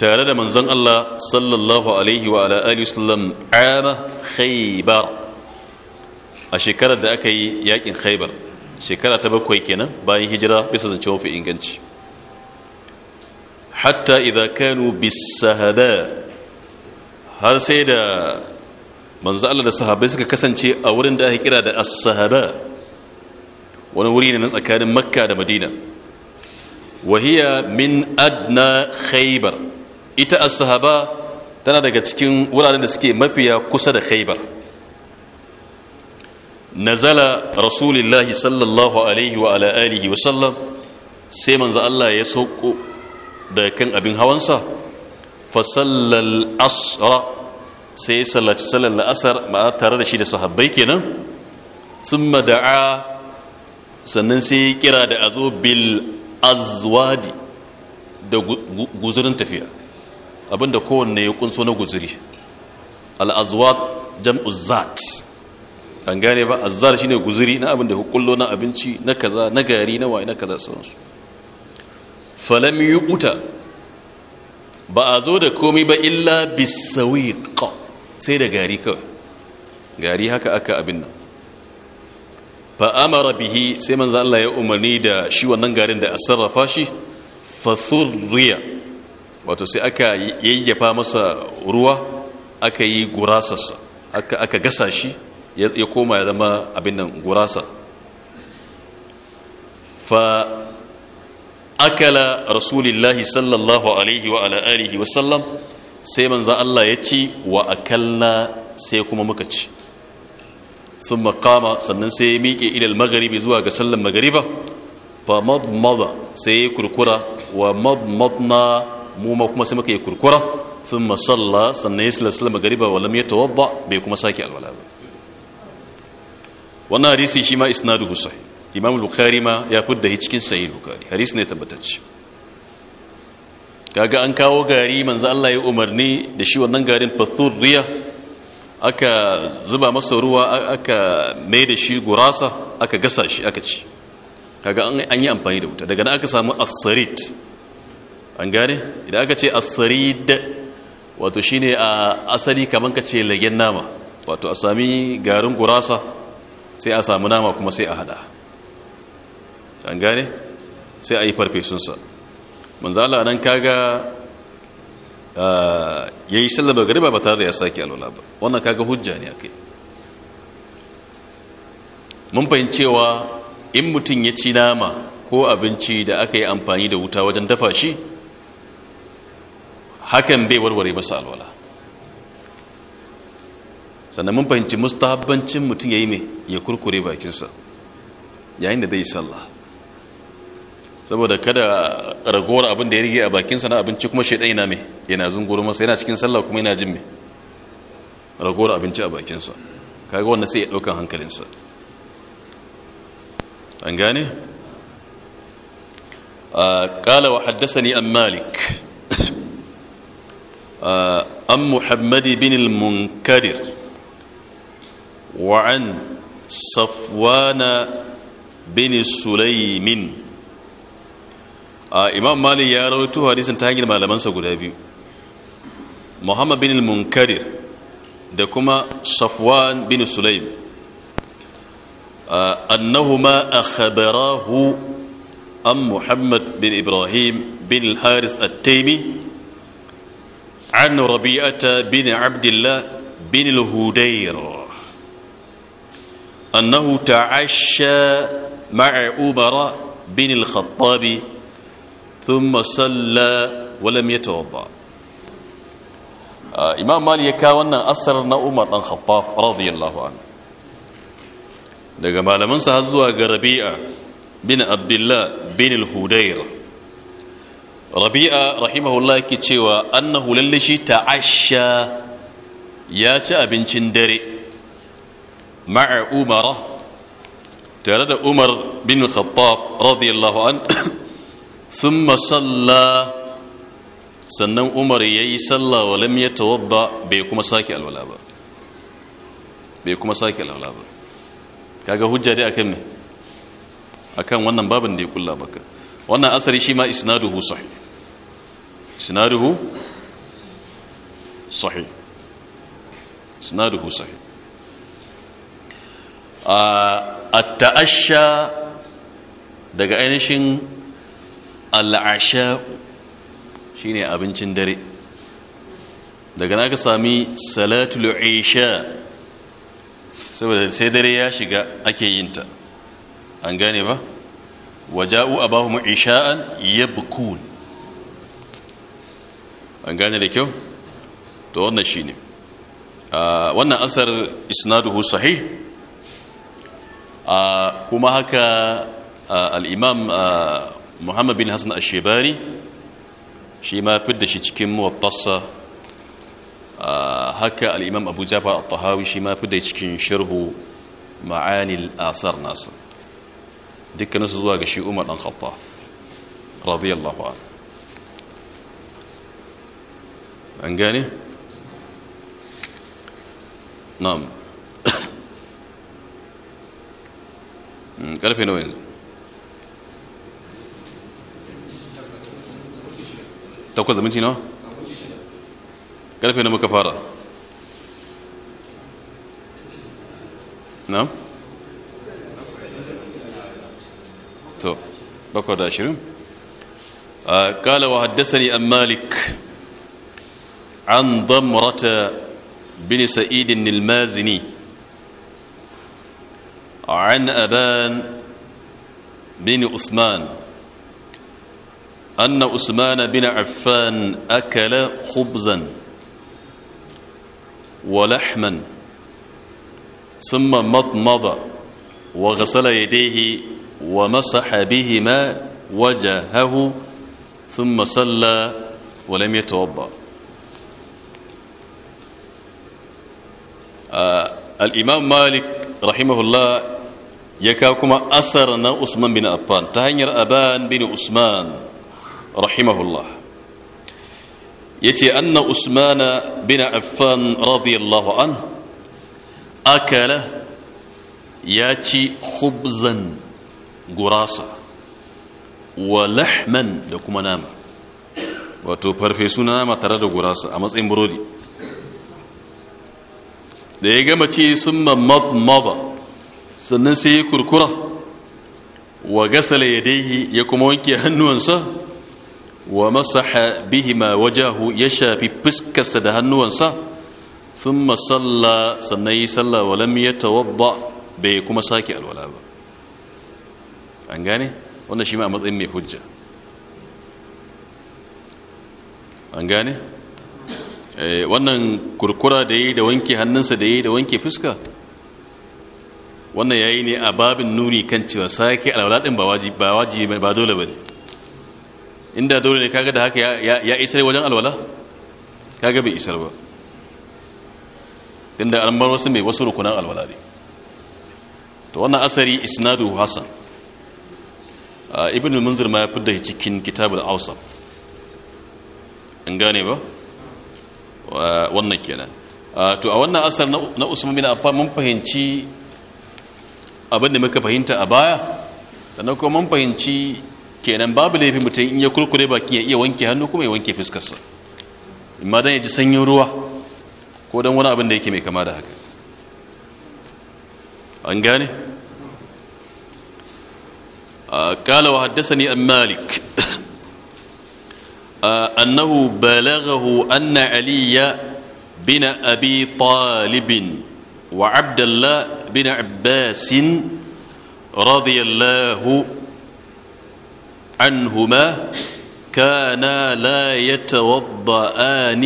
tare da manzon Allah sallallahu alaihi wa ala alihi wa sallam ama khaybar a shekarar da aka yi yakin khaybar shekara ta bakwai kenan bayan hijira bisa zance mafi inganci hatta idza kanu bisahaba har sai da manzo Allah da sahabbai suka kasance a wurin da ake kira da as-sahaba wani wuri ne na tsakanin makka da madina wahiya min adna khaybar ita as-sahaba tana daga cikin wuraren da suke mafiya kusa da khaybar nazala rasulullahi sallallahu alaihi wa ala alihi wa sallam sai manzo Allah ya sauko daga kan abin hawansa fa sallal asra sai sallaci sallal asar ma tare da shi da sahabbai kenan thumma da'a sannan sai ya kira da a zo bil azwadi da guzurin tafiya abinda kowanne ya kunso na guzuri al'azwad jam'u zat an gane ba azzar shine guzuri na abinda hukullo na abinci na kaza na gari na waye na kaza sauransu falam yi uta ba a zo da komi ba illa bisawiqa sai da gari kawai gari haka aka abin nan fa bihi sai manzo Allah ya umarni da shi wannan garin da a sarrafa shi fasurriya wato sai aka yayyafa masa ruwa aka yi gurasarsa aka aka gasa shi ya koma ya zama abin nan gurasa fa akala rasulillahi sallallahu alaihi wa ala wa sallam sai manzo Allah ya ci wa akalla sai kuma muka ci sun makama sannan sai ya miƙe ilal magharibi zuwa ga sallan maghariba fa madmada sai ya kurkura wa madmadna mu ma kuma sai muka yi kurkura sun masalla sannan ya sila sallan maghariba wa lam yatawadda bai kuma sake alwala ba wannan hadisi shi ma isnadu husai imam bukhari ma ya fudda shi cikin sahih bukhari hadisi ne tabbatacce kaga an kawo gari manzo Allah ya umarni da shi wannan garin Fathur fathurriya aka zuba masa ruwa aka mai da shi gurasa aka gasa shi aka ci kaga an yi amfani da wuta daga nan aka samu asarit an gane idan aka ce asarid wato shine a asali kaman ka ce lagen nama wato a sami garin gurasa sai a samu nama kuma sai a hada an gane sai a yi farfesunsa manzala nan kaga yayi sallar magriba ba tare da ya sake alwala ba wannan kaga hujja ne akai mun fahimcewa in mutum ya ci nama ko abinci da aka yi amfani da wuta wajen dafa shi hakan bai warware masa alwala sannan mun fahimci mustahabbancin mutum ya yi mai ya kurkure bakinsa yayin da zai sallah saboda kada ragowar abin da ya rige a bakinsa na abinci kuma shaidan yana mai yana zunguru masa yana cikin sallah kuma yana jin mai ragowar abinci a bakinsa kaga wannan sai ya ɗaukan hankalinsa an gane ƙala wa haddasa ni an malik an muhammadi bin munkadir wa an safwana bin sulaimin imam malik ya rawaito hadisin ta hanyar malamansa guda biyu muhammad bin munkarir da kuma safwan bin sulaim annahuma akhbarahu an muhammad bin ibrahim bin al-haris at-taymi an rabi'ata bin abdullah bin al-hudayr annahu ta'asha ma'a umara bin al-khattabi thumma salla walam yatawadda imam mali ya kawo wannan asar na umar dan khaffaf radiyallahu daga malamansa sa zuwa ga rabi'a bin abdullah bin al-hudayr rabi'a rahimahullah yake cewa annahu lallashi ta'asha ya ci abincin dare ma'a umara tare da umar bin khattaf radiyallahu sun masalla sannan umar ya yi salla wa ya tawabba bai kuma sake alwala ba bai kuma sake alwala ba kaga hujja dai akan ne akan wannan babin da ya kulla baka wannan asari shi ma isnaduhu sahi isnaduhu sahi isnaduhu sahi a ta'asha daga ainihin shi ne abincin dare daga na ka sami salatul isha saboda sai dare ya shiga ake yinta an gane ba waja'u abahum isha'an yabkun an gane da kyau to wannan shine wannan asar isnaduhu sahih kuma haka al-imam muhammad bin hassan ashebari shi ma fidda shi cikin muwattasa ah, haka al'imam abu jafa a tahawi shi ma fidda cikin shirhu ma'anil asar nasa dukkaninsu zuwa ga shi umar ɗan khattaf radiyallahu an an gane? na'am ƙarfe hmm, na yanzu توكل زمن شنو قال في نمو كفارة نعم تو بكر داشرين آه، قال وحدثني أم مالك عن ضمرة بن سعيد المازني عن أبان بن عثمان أن أثمان بن عفان أكل خبزا ولحما ثم مضمض وغسل يديه ومسح بهما وجهه ثم صلى ولم يتوضا آه الإمام مالك رحمه الله يكاكما أسرنا أسمان بن أبان تهنير أبان بن أسمان rahimahullah ya ce anna usmana bin affan radiyallahu an akala ya ci hubzan gurasa wa lahman da kuma nama wato farfesu na nama tare da gurasa a matsayin burodi da ya gama ce sun mada sannan sai ya kurkura wa gasala ya daihi ya kuma wanke hannuwansa wa masaha bihi ma wajahu ya shafi fuskarsa da hannuwansa thumma salla sannan yi sallah wa lam yatawadda bai kuma sake alwala ba an gane wannan shi ma a matsayin mai hujja an gane eh, wannan kurkura da yi da wanke hannunsa da yi da wanke fuska wannan yayi ne a babin nuni kan cewa sake alwala din ba wajibi ba dole ba ne. inda dole ne kaga da haka ya isar wajen alwala kaga bai isar ba inda an bar wasu mai wasu rukunan alwala ne to wannan asari isnadu A ibn munzir ma ya fidda cikin kitabul awsat an gane ba wannan kenan to a wannan asar na usman bin affan mun fahimci abin da muka fahimta a baya sannan kuma mun fahimci kenan babu laifin mutum in ya kurkure bakin ya iya wanke hannu kuma ya wanke fuskarsa imma dan ya ji sanyin ruwa ko dan wani abin da yake mai kama da haka an gane قال وحدثني عن مالك أنه بلغه أن علي بن أبي طالب وعبد الله بن عباس رضي الله عنهما كانا لا يتوضأان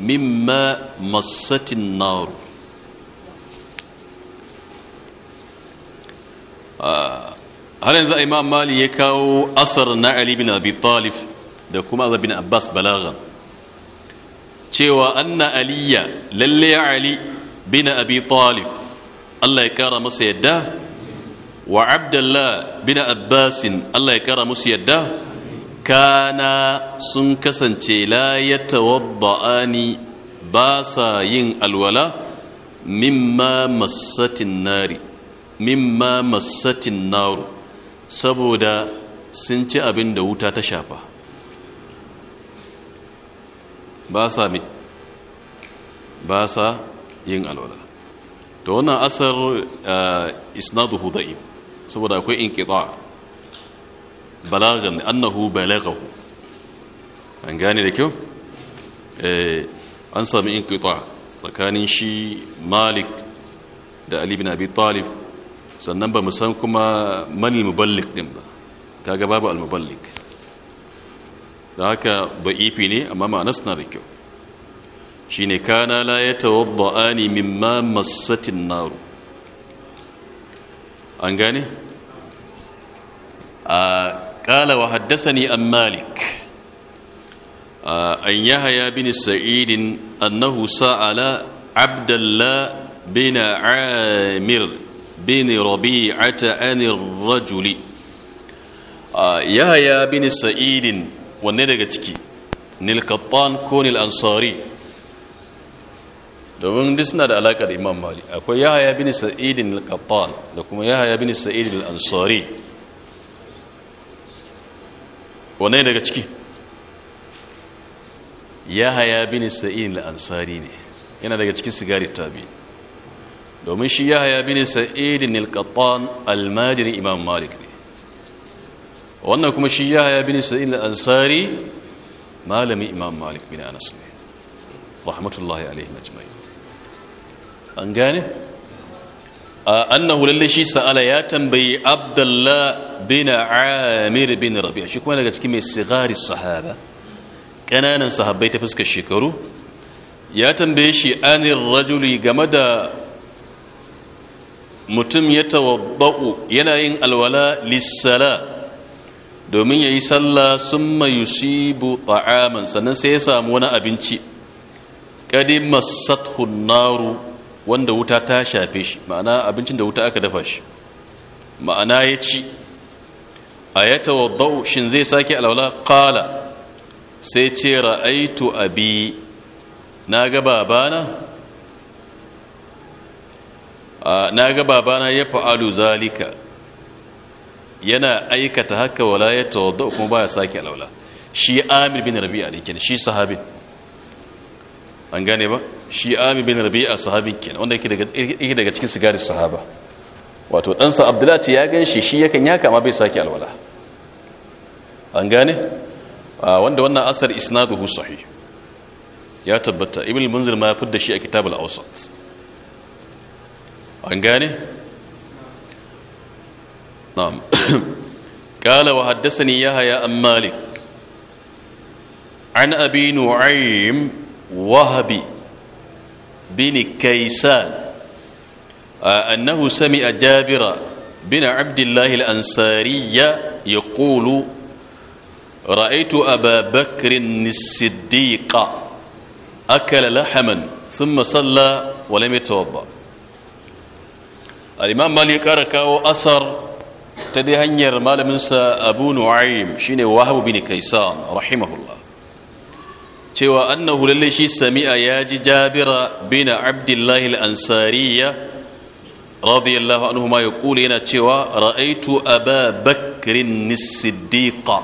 مما مست النار har yanzu imam mali ya kawo asar na ali bin abi talif da kuma azab bin abbas balaghan cewa anna aliya lalle ali bin abi talif allah ya kara masa yadda wa abdullah bin abbasin allah ya kara musu yadda kana sun kasance la ya tawabba'ani ba sa yin alwala mimma massatin nari mimma massatin naru saboda sun ci abin da wuta ta shafa ba sa me ba sa yin alwala to wannan asar eh, isnadu da'im saboda akwai inqita balagan annahu balagahu an gane da kyau eh, an sami inqita tsakanin shi malik da ali abi talib sannan ba mu san kuma manil muballik din ba ta babu al-muballik da haka ba ifi ne amma ma'anas na da kyau shine kana la yatawadda'ani mimma masatin naru an a ƙala wa haddasa ni an malik an yi haya bin sa'idin annahu sa'ala abdalla bin amir bin rabi'ata anir rajuli ya haya bin sa'idin wanne daga ciki nilkattan ko nil ansari domin duk da alaƙa da imam mali akwai yahaya bin sa'idin al-qattan da kuma yahaya bin sa'idin al-ansari wane daga ciki yahaya bin sa'idin al-ansari ne yana daga cikin sigari tabi domin shi yahaya bin sa'idin al-qattan al-majiri imam malik ne wannan kuma shi yahaya bin sa'idin al-ansari malami imam malik bin anas ne rahmatullahi alaihi majmai an gane annahu lalle shi sa'ala ya tambayi abdullah bin amir bin rabi'a shi kuma daga cikin mai sigari sahaba kananan sahabbai ta fuskar shekaru ya tambaye shi anir rajuli game da mutum ya tawabba'u yana yin alwala lissala domin ya yi sallah sun yusibu ta'aman sannan sai ya samu wani abinci ƙadi masat hunnaru wanda wuta ta shafe shi ma'ana abincin da wuta aka dafa shi ma'ana ya ci a ya tawaddau shin zai sake alwala qala sai ce ra'aitu abi na ga babana na ga babana ya fa'alu zalika yana aikata haka wala ya tawaddau kuma baya sake alwala shi amir bin rabi'a ne shi sahabin an gane ba shi ami bin rabi'a sahabin kenan wanda yake daga cikin sahaba wato ya shi yakan ya kama bai alwala an gane wanda wannan asar ya tabbata ibn munzir ma ya fidda shi a kitab al an gane na'am قال وحدثني يحيى عن مالك عن ابي نعيم wahabi. بن كيسان آه، أنه سمع جابر بن عبد الله الأنصاري يقول رأيت أبا بكر الصديق أكل لحما ثم صلى ولم يتوضأ الإمام مالك أركاو أثر تدهنير مال منسى أبو نعيم شين وهب بن كيسان رحمه الله cewa annahu lalle shi sami'a ya ji jabira bina abdullahi al-ansariya radiyallahu anhu ma yaqulu yana cewa ra'aitu aba bakrin ga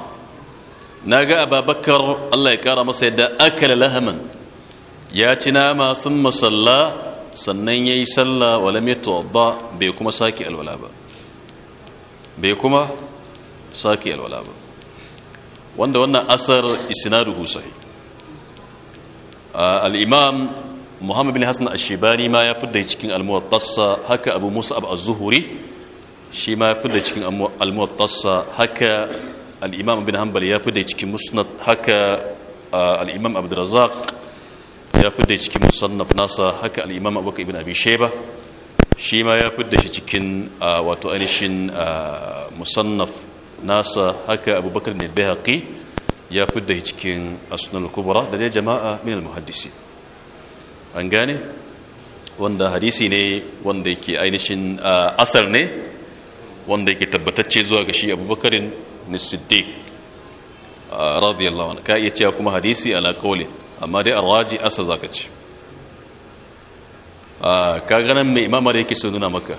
naga ababakar Allah ya kara masa yadda akala lahaman ya ci nama sun masalla sannan yayi sallah wala lam bai kuma saki alwala ba bai kuma saki alwala ba wanda wannan asar isnaduhu sahih al muhammad bin hassan al-Shibani ma ya fidda cikin al almuwattassa haka abu musa abu az-zuhuri shi ma ya fidda cikin al almuwattassa haka al-imam bin hanbal ya fidda cikin musnad haka al-imam abdurrazzaq ya fidda cikin musannaf nasa haka al-imam abubakar ibn abi shayba shi ma ya fidda shi cikin wato ainihin musannaf nasa haka abubakar ne bayhaqi ya fidda cikin asnul kubra da dai jama'a min al-muhaddisi an gane wanda hadisi ne wanda yake ainihin asar ne wanda yake tabbatacce zuwa ga shi abubakarin nisiddiq radiyallahu anhu ka iya cewa kuma hadisi ala qawli amma dai ar-raji asa zaka ce ka nan mai imama da yake so nuna maka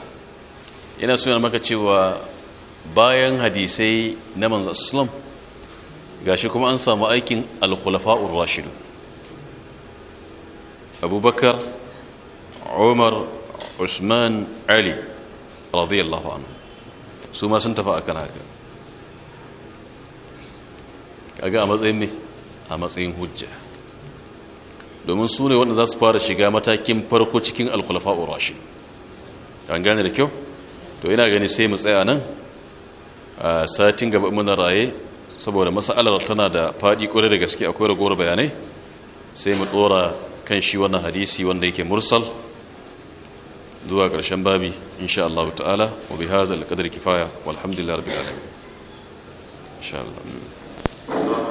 yana suna maka cewa bayan hadisai na manzo sallallahu gashi kuma an samu aikin alkhulafa'ur rashidu abubakar umar usman ali radiyallahu anhu su ma sun tafi akan haka kaga a matsayin me a matsayin hujja domin su ne wanda za su fara shiga matakin farko cikin alkhulafa'ur rashidu an gane da kyau to ina gani sai mu tsaya nan a satin gaba muna raye saboda mas'alar tana da faɗi ƙwarai da gaske akwai ragowar bayanai sai mu ɗora kan shi wannan hadisi wanda yake mursal zuwa ƙarshen babi insha Allah ta'ala wa bi hazal qadri kifaya walhamdulillahi rabbil alamin insha Allah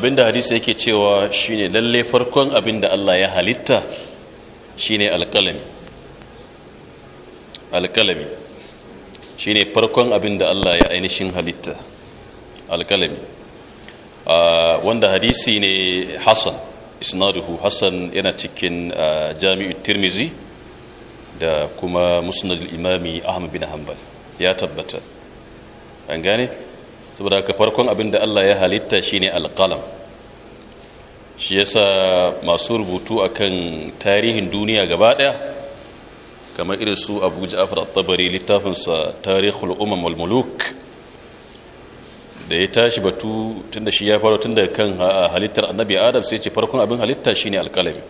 abinda hadisi yake cewa shine lalle farkon abinda Allah ya halitta shine alƙalami alƙalami shine farkon abinda Allah ya ainihin halitta alƙalami wanda hadisi ne Hassan isnaduhu Hassan yana cikin jami'ut Tirmizi da kuma musnadul imami Ahmad bin Hanbal ya tabbata an gane saboda haka farkon abinda Allah ya halitta shine alqalam shi yasa masu rubutu akan tarihin duniya gaba daya kamar irin su Abu Ja'far at-Tabari littafinsa Tarikhul Umam wal Muluk da ya tashi batu tunda shi ya faro tunda kan halittar Annabi Adam sai ce farkon abin halitta shine alqalami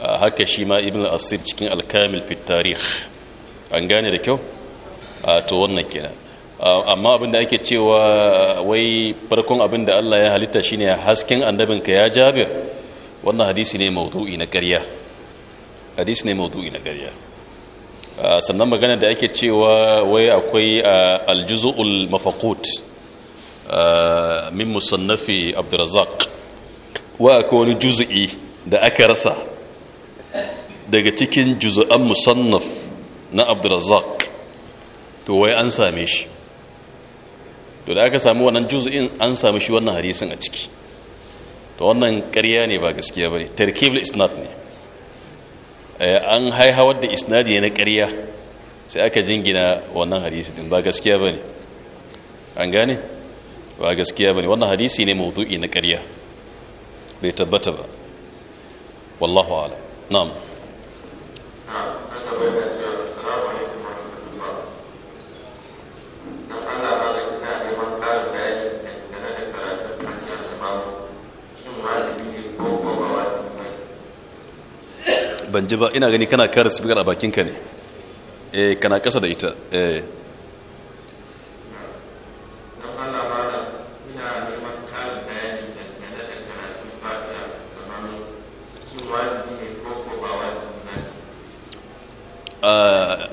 haka shi ma Ibn Asir cikin al-Kamil fi tarikh an gane da kyau a to wannan kenan Uh, amma abin da ake cewa uh, wai farkon abin da Allah ya halitta shine hasken annabinka ya jabir wannan hadisi ne maudu'i na ƙarya hadisi ne maudu'i na ƙarya uh, sannan magana da ake cewa wai akwai aljuzul mafaqut min musannafi abdurrazzaq wa akwai wani juzu'i da aka rasa daga cikin juz'an musannaf na abdurrazzaq to wai an same shi to da aka samu wannan juz'in an samu shi wannan hadisin a ciki to wannan ƙarya ne ba gaskiya bane tarkibul isnad ne eh, an haihawar da isnadi na ƙarya sai aka jingina wannan hadisi din ba gaskiya bane an gane ba gaskiya bane wannan hadisi ne mawdu'i na ƙarya bai tabbata ba wallahu a'lam na'am ban ji ba ina gani kana kare speaker a bakinka ne eh kana kasa da ita eh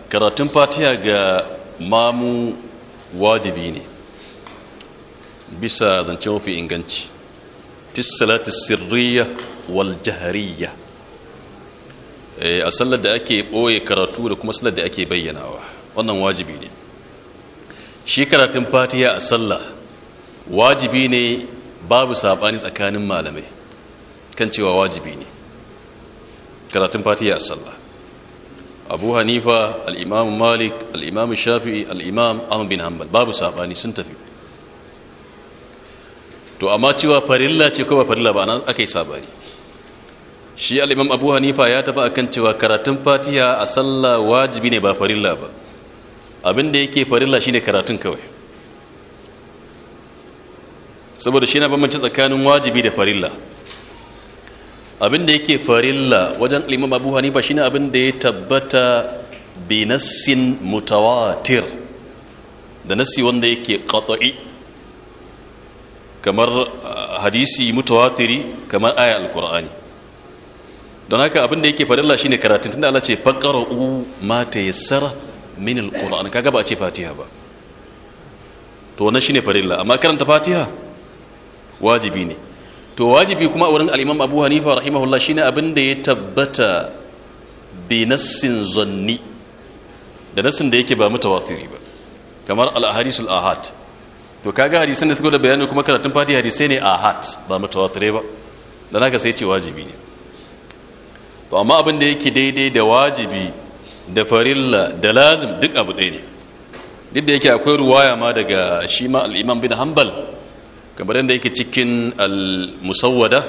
karatun fatiya ah, ga mamu wajibi ne bisa zance mafi inganci fi salatu sirriya wal jahariya Eh, a sallar da ake ɓoye karatu da kuma sallar da ake bayyanawa wannan wajibi ne shi karatun fatiya a sallah wajibi ne babu saɓani tsakanin malamai kan cewa wajibi ne karatun fatiya a sallah abu hanifa al'imam malik al'imam shafi'i al'imam ahmad bin hanbal babu saɓani sun tafi to amma cewa farilla ce kuma farilla ba ana aka yi saɓani shi al'imam abu hanifa ya tafi akan cewa karatun fatiha a sallah wajibi ne ba farilla ba abin da yake farilla shine karatun kawai saboda shi na bambanci tsakanin wajibi da farilla abin da yake farilla wajen al'imam abu hanifa shine abin da ya tabbata bi nassin mutawatir da nassi wanda yake qata'i kamar ah, hadisi mutawatiri kamar aya alkur'ani don haka abin da yake fadalla shine karatun tunda Allah ce u ma tayassara min alquran kaga ba a ce fatiha ba to wannan shine fadalla amma karanta fatiha wajibi ne to wajibi kuma a wurin al-Imam Abu Hanifa rahimahullah shine abin da ya tabbata bi nassin zanni da nassin da yake ba mutawatiri ba kamar al-ahadisul ahad to kaga hadisan da suka da bayani kuma karatun fatiha hadisai ne ahad ba mutawatire ba dan haka sai ce wajibi ne to amma abin da yake daidai da wajibi da farilla da lazim duk abu ɗaya ne duk da yake akwai ruwaya ma daga shi ma al'imam bin hanbal kamar yadda yake cikin al-musawwada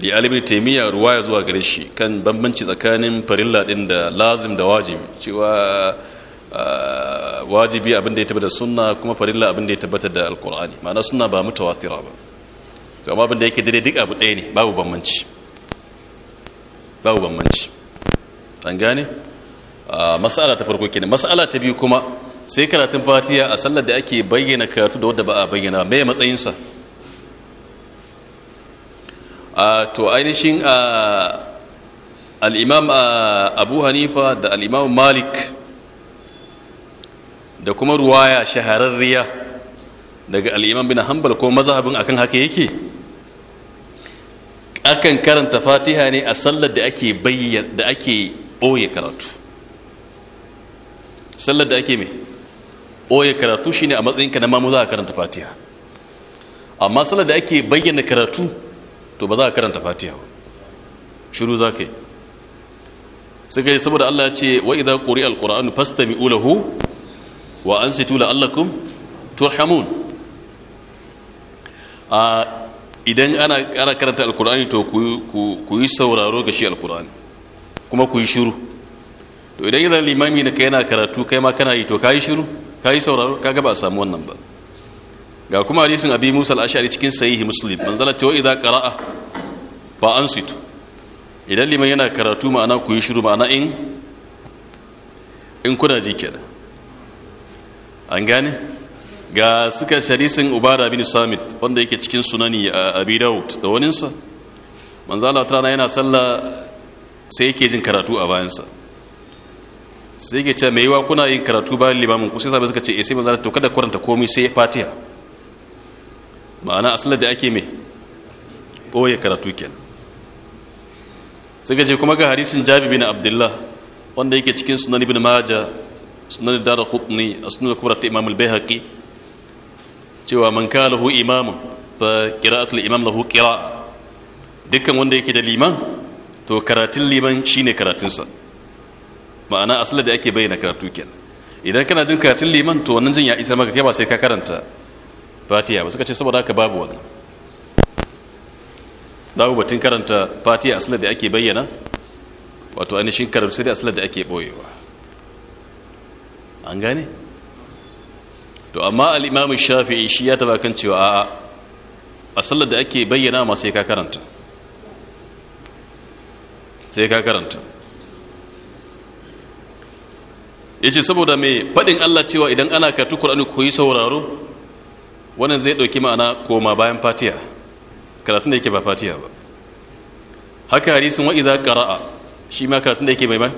li'alibin taimiyya ruwaya zuwa gare shi kan bambanci tsakanin farilla ɗin da lazim da wajibi cewa ah, wajibi abin da ya tabbata sunna kuma farilla abin da ya tabbata da al al-qur'ani ma'ana sunna ba mutawatira ba to amma abin da yake daidai duk abu ɗaya ne babu bambanci babu bambanci an gane mas'ala ta farko kenan mas'ala ta biyu kuma sai karatun Fatiya a sallar da ake bayyana karatu da wadda ba a bayyana mai matsayinsa to ainihin al'imam abu hanifa da al'imam malik da kuma ruwaya shahararriya daga al'imam bin hanbal ko mazahabin akan haka yake akan karanta fatiha ne a sallar da ake bayyana da ake ɓoye karatu sallar da ake mai ɓoye karatu shine a matsayinka na mamu za a karanta fatiha amma sallar da ake bayyana karatu to ba za a karanta fatiha shiru za ka yi suka yi saboda Allah ce wa idan ƙuri alƙura'an fasta mi ulahu wa an situ la'allakum turhamun a idan ana karanta alkur'ani to ku yi sauraro ga shi alkur'ani kuma ku yi shiru to idan idan limami na kai yana karatu kai ma kana yi to ka yi shiru ka yi sauraro ka gaba a samu wannan ba ga kuma hadisin abi musa al-ashari cikin sahihi muslim man ce wa idan qara'a ba an situ idan liman yana karatu ma'ana ku yi shiru ma'ana in in kuna ji kenan an gane ga suka sharisin ubada bin samit wanda yake cikin sunani a abi daud da waninsa manzo Allah ta yana sallah sai yake jin karatu a bayansa sai yake ce mai wa kuna yin karatu bayan limamin ku sai sabai suka ce eh sai manzo to kada karanta komai sai fatiha ma'ana asalar da ake mai boye karatu kenan suka ce kuma ga hadisin jabi bin abdullah wanda yake cikin sunan ibn majah sunan darqutni sunan kubra ta imam al-baihaqi cewa man kana lahu imamun fa qira'atul imam lahu qira'a dukkan wanda yake da liman to karatun liman shine sa ma'ana asalin da ake bayyana karatu kenan idan kana jin karatun liman to wannan jin ya isa maka kai ba sai ka karanta fatiha ba suka ce saboda haka babu wannan dawo batun karanta fatiha asalin da ake bayyana wato ainihin karatu sai da asalin da ake boyewa an gane to amma al'imamu shafi'i shi ya taba kan cewa a sallar da ake bayyana ma sai ka karanta sai ka karanta ya ce saboda mai faɗin allah cewa idan ana karatu ƙur'ani ko yi sauraro wannan zai ɗauki ma'ana koma bayan fatiya karatun da yake ba fatiya ba haka harisun wa'iza ƙara'a shi ma karatun da yake mai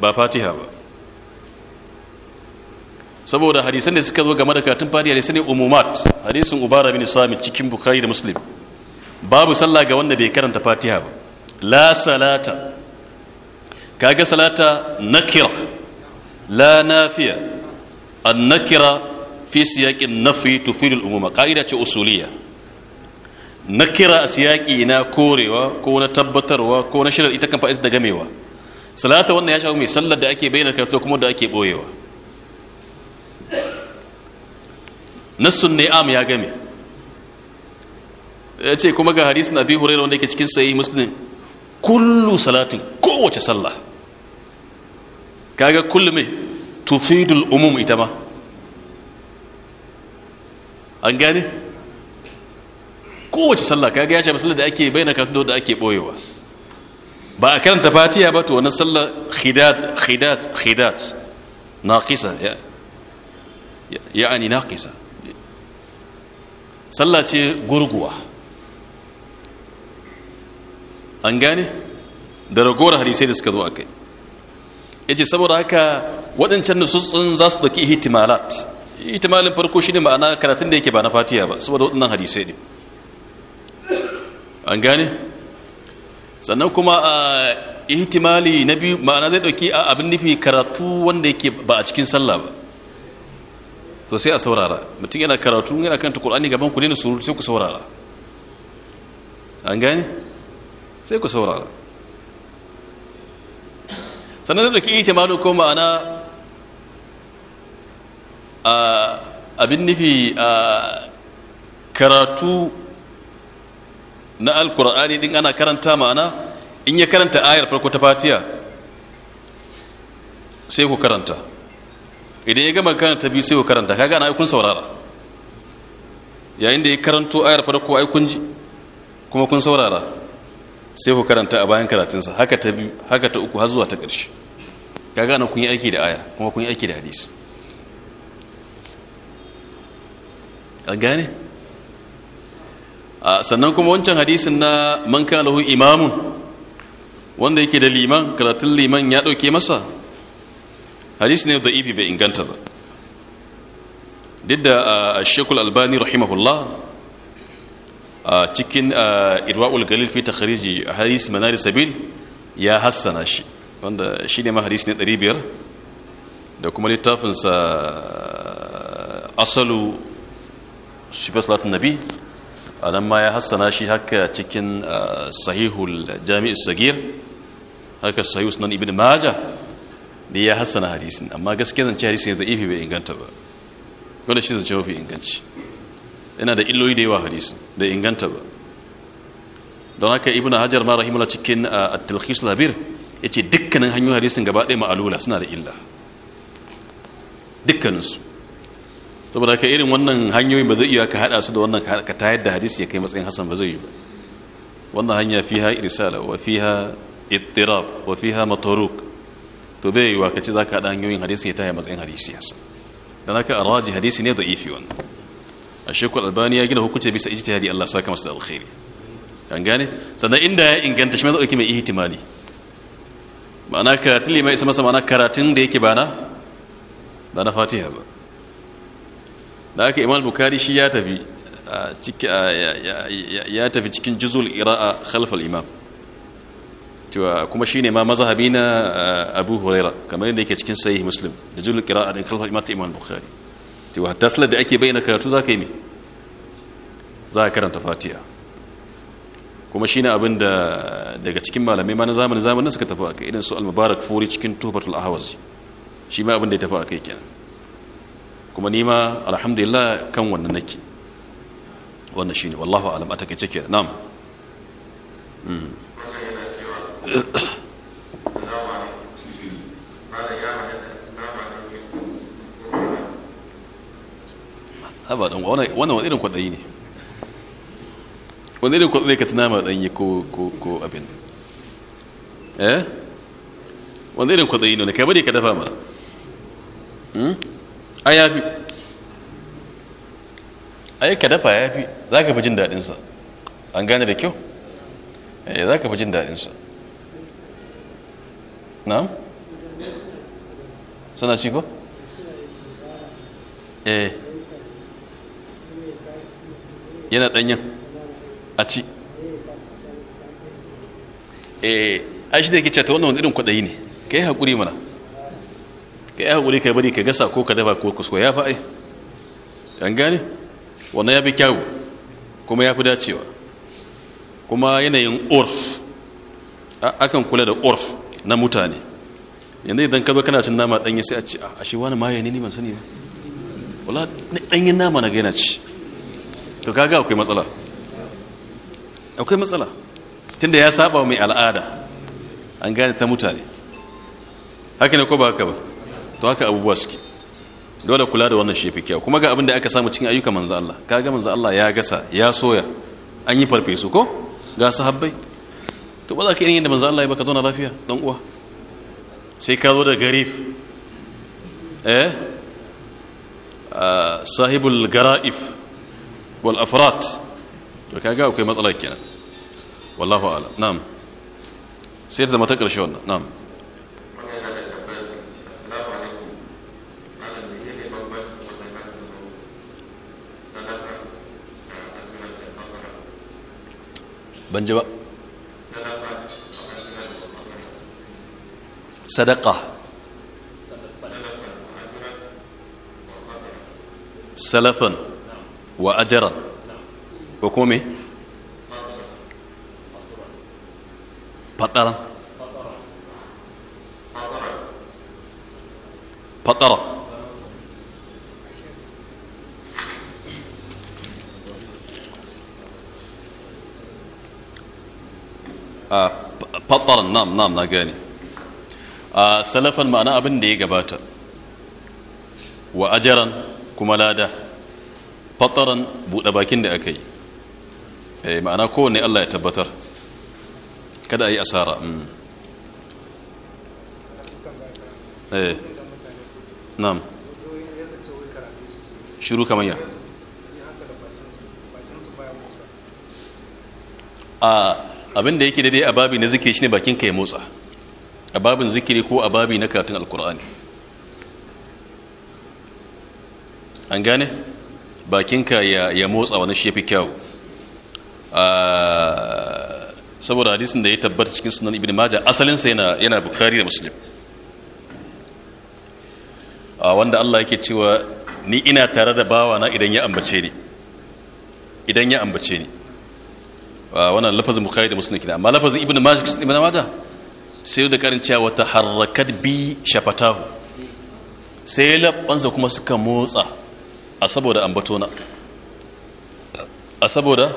ba fatiha ba saboda hadisan da suka zo game da karatun fati hadisai ne umumat hadisin ubara bin sami cikin bukhari da muslim babu sallah ga wanda bai karanta fatiha ba la salata kaga salata nakira la nafiya an nakira fi siyaƙin nafi tufilul umuma ƙa'ida ce usuliya nakira a siyaƙi na korewa ko na tabbatarwa ko na shirar ita kan fa'ita da gamewa salata wannan ya shafi mai sallar da ake bayyana karatu kuma da ake boyewa. nassun am ya game ya ce kuma ga na abi hurairah wanda yake cikin sayi muslim kullu salatin kowace sallah kaga kullu me tufidul umum ita ma an gane kowace sallah kaga ya ce sallah da ake bayyana kafin da ake boyewa ba a karanta fatiha ba to wannan sallah khidat khidat khidat naqisa na naqisa sallah ce gurguwa an gane da ragowar hadisai da suka zo a kai ya ce saboda haka waɗancan nusussun za su ɗauki ihtimalat ihtimalin farko shi ne ma'ana karatun da yake ba na fatiya ba saboda waɗannan hadisai ne an gane sannan kuma a ihtimali na biyu ma'ana zai ɗauki abin nufi karatu wanda yake ba a cikin sallah ba to sai a saurara mutum yana karatu yana kanta ƙulani gaban ku ne na surutu sai ku saurara an gane sai ku saurara sannan zai da ke yi ijmalu ko ma'ana abin nufi a karatu na alkur'ani din ana karanta ma'ana in ya karanta ayar farko ta fatiya sai ku karanta idan ya gama karanta biyu sai ku karanta kaga na kun saurara yayin da ya karanto ayar farko ai kun ji kuma kun saurara sai ku karanta a bayan karatunsa haka ta biyu haka ta uku har zuwa ta ƙarshe kaga na kun yi aiki da ayar kuma kun yi aiki da hadisi an gane sannan kuma wancan hadisin na man kana lahu imamun wanda yake da liman karatun liman ya dauke masa hadisi ne da ifi bai inganta ba duk da shekul albani rahimahullah a cikin irwa'ul galil fi takhariji hadis manari sabil ya hassana shi wanda shi ne ma hadis ne 500 da kuma littafinsa asalu shifar nabi a ma ya hassana shi haka cikin sahihul jami'ar sagir haka sahihus nan ibn majah da ya hassana hadisin amma gaskiya zance hadisin da ifi bai inganta ba wanda shi zance mafi inganci yana da illoyi da yawa hadisin da inganta ba don haka ibnu hajar ma rahimullah cikin at-talkhis labir yace dukkanin hanyoyin hadisin gaba ɗaya ma'alula suna da illa dukkaninsu saboda ka irin wannan hanyoyin ba zai iya ka hada su da wannan ka tayar da hadisi ya kai matsayin hasan ba zai yi ba wannan hanya fiha irsala wa fiha ittirab wa fiha mataruk to bai yi ka ce za ka haɗa hanyoyin hadisi ya taya matsayin hadisi yasa don haka arraji hadisi ne da ifi wani a shekul albani ya gina hukunci bisa ijtihadi Allah saka masa da alkhairi kan gane sannan inda ya inganta shi mai zauki mai ihtimali ma'ana karatun lima isa masa ma'ana karatun da yake bana da na fatiha ba da haka imam bukari shi ya tafi ya tafi cikin juzul ira'a khalfal imam cewa kuma shine ma mazhabi na eh, Abu Huraira kamar yadda yake cikin sahih Muslim da julul qira'a da kalfa Imam Imam Bukhari cewa hatta salat da ake bayyana karatu zaka yi me za ka karanta Fatiha kuma shine abin da daga cikin malamai ma na zamanin zamanin suka tafi akai irin su Al-Mubarak Furi cikin Tuhfatul Ahwazi shi ma abin da ya tafi akai kenan kuma ni ma alhamdulillah kan wannan nake wannan shine wallahu a'lam a takeice kenan na'am hmm. haba don wannan wani irin kwaɗayi ne wani irin kwaɗayi ka tunama ɗanyi ko abin eh wani irin kwaɗayi ne ka bari ka dafa mana hmm? a ya fi a yi ka dafa ya fi za ka fi jin daɗinsa an gane da kyau eh, za ka fi jin daɗinsa na'am suna ci ko eh yana danyen a ci eh shi da yake wannan irin kwadayi ne kai hakuri mana kai hakuri kai bari gasa ko ka dafa ko kusko ya fa ai gane wannan ya fi kuma ya yanayin akan kula da urf na mutane yanzu idan ka zo kana cin nama ɗanye sai a ce a ah, shi wani maye ne ni ban sani ba wala ɗanyen nama na gaina ci to kaga akwai matsala akwai matsala tunda ya saba mai al'ada an gane ta mutane haka ne ko ba haka ba to haka abubuwa suke dole kula da wannan shefi kyau kuma ga abin da aka samu cikin ayyuka manzo Allah kaga manzo Allah ya gasa ya soya an yi farfesu ko ga sahabbai to ba za ka yi yadda manzo Allah ya baka zauna lafiya dan uwa sai ka zo da garif eh ah, sahibul gara'if wal afrat to kaga akwai matsala kenan wallahu a'lam na'am sai ta zama ta karshe wannan na'am ban ji ba صدقة سلفا وأجرا وكومي فطرا فطرا فطرا نعم نعم نعم a salafan ma'ana abin da ya gabata wa ajaran kuma lada fataran buɗe bakin da aka yi eh, ma'ana kowane allah ya tabbatar kada a yi asara mm. eh, nam shiru kamar ya abin da yake daidai a babi na zike shi ne bakin ka ya motsa a babin zikiri ko a babi na karatun alkur'ani an gane bakinka ya motsa wani shi kyau ah, saboda hadisin da ya tabbata cikin sunan ibn majah asalinsa yana bukari bukhari da muslim a ah, wanda Allah yake cewa ni ina tare da bawana idan ya ambace ni idan ya ambace ni ah, wannan lafazin bukhari da muslim kina amma lafazin ibn majah ibn majah sai da karin cewa ta harrakat bi shafatahu sai labbansa kuma suka motsa a saboda ambatona a saboda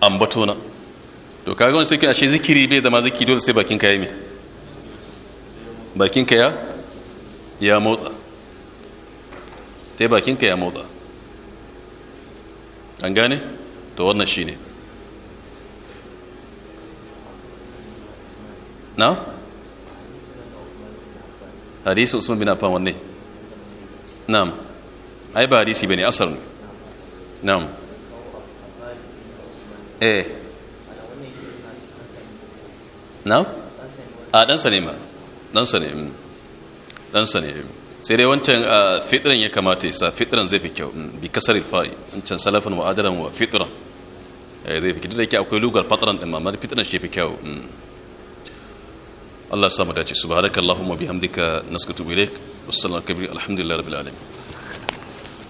ambatona to kaga wani a ce zikiri bai zama zikiri dole sai bakin ka mai bakin kaya ya motsa sai bakin kaya motsa an gane to wannan shi ne. na hadisi usman bin affan wanne na'am ai ba hadisi bane asar ne na'am eh na'am ah, a dan ne ma dan ne dan mm. ne mm. sai dai wancan ah, fitran ya kamata isa fitran zai fi kyau mm, bi kasar fa'i wancan salafan wa adaran wa fitran eh, zai fi kyau da yake akwai lugar fatran din ma fitran shi fi kyau Allah samu dace subhanakallahumma bihamdika nasqutu ilaik wassalamu alaikum alhamdulillahi rabbil alamin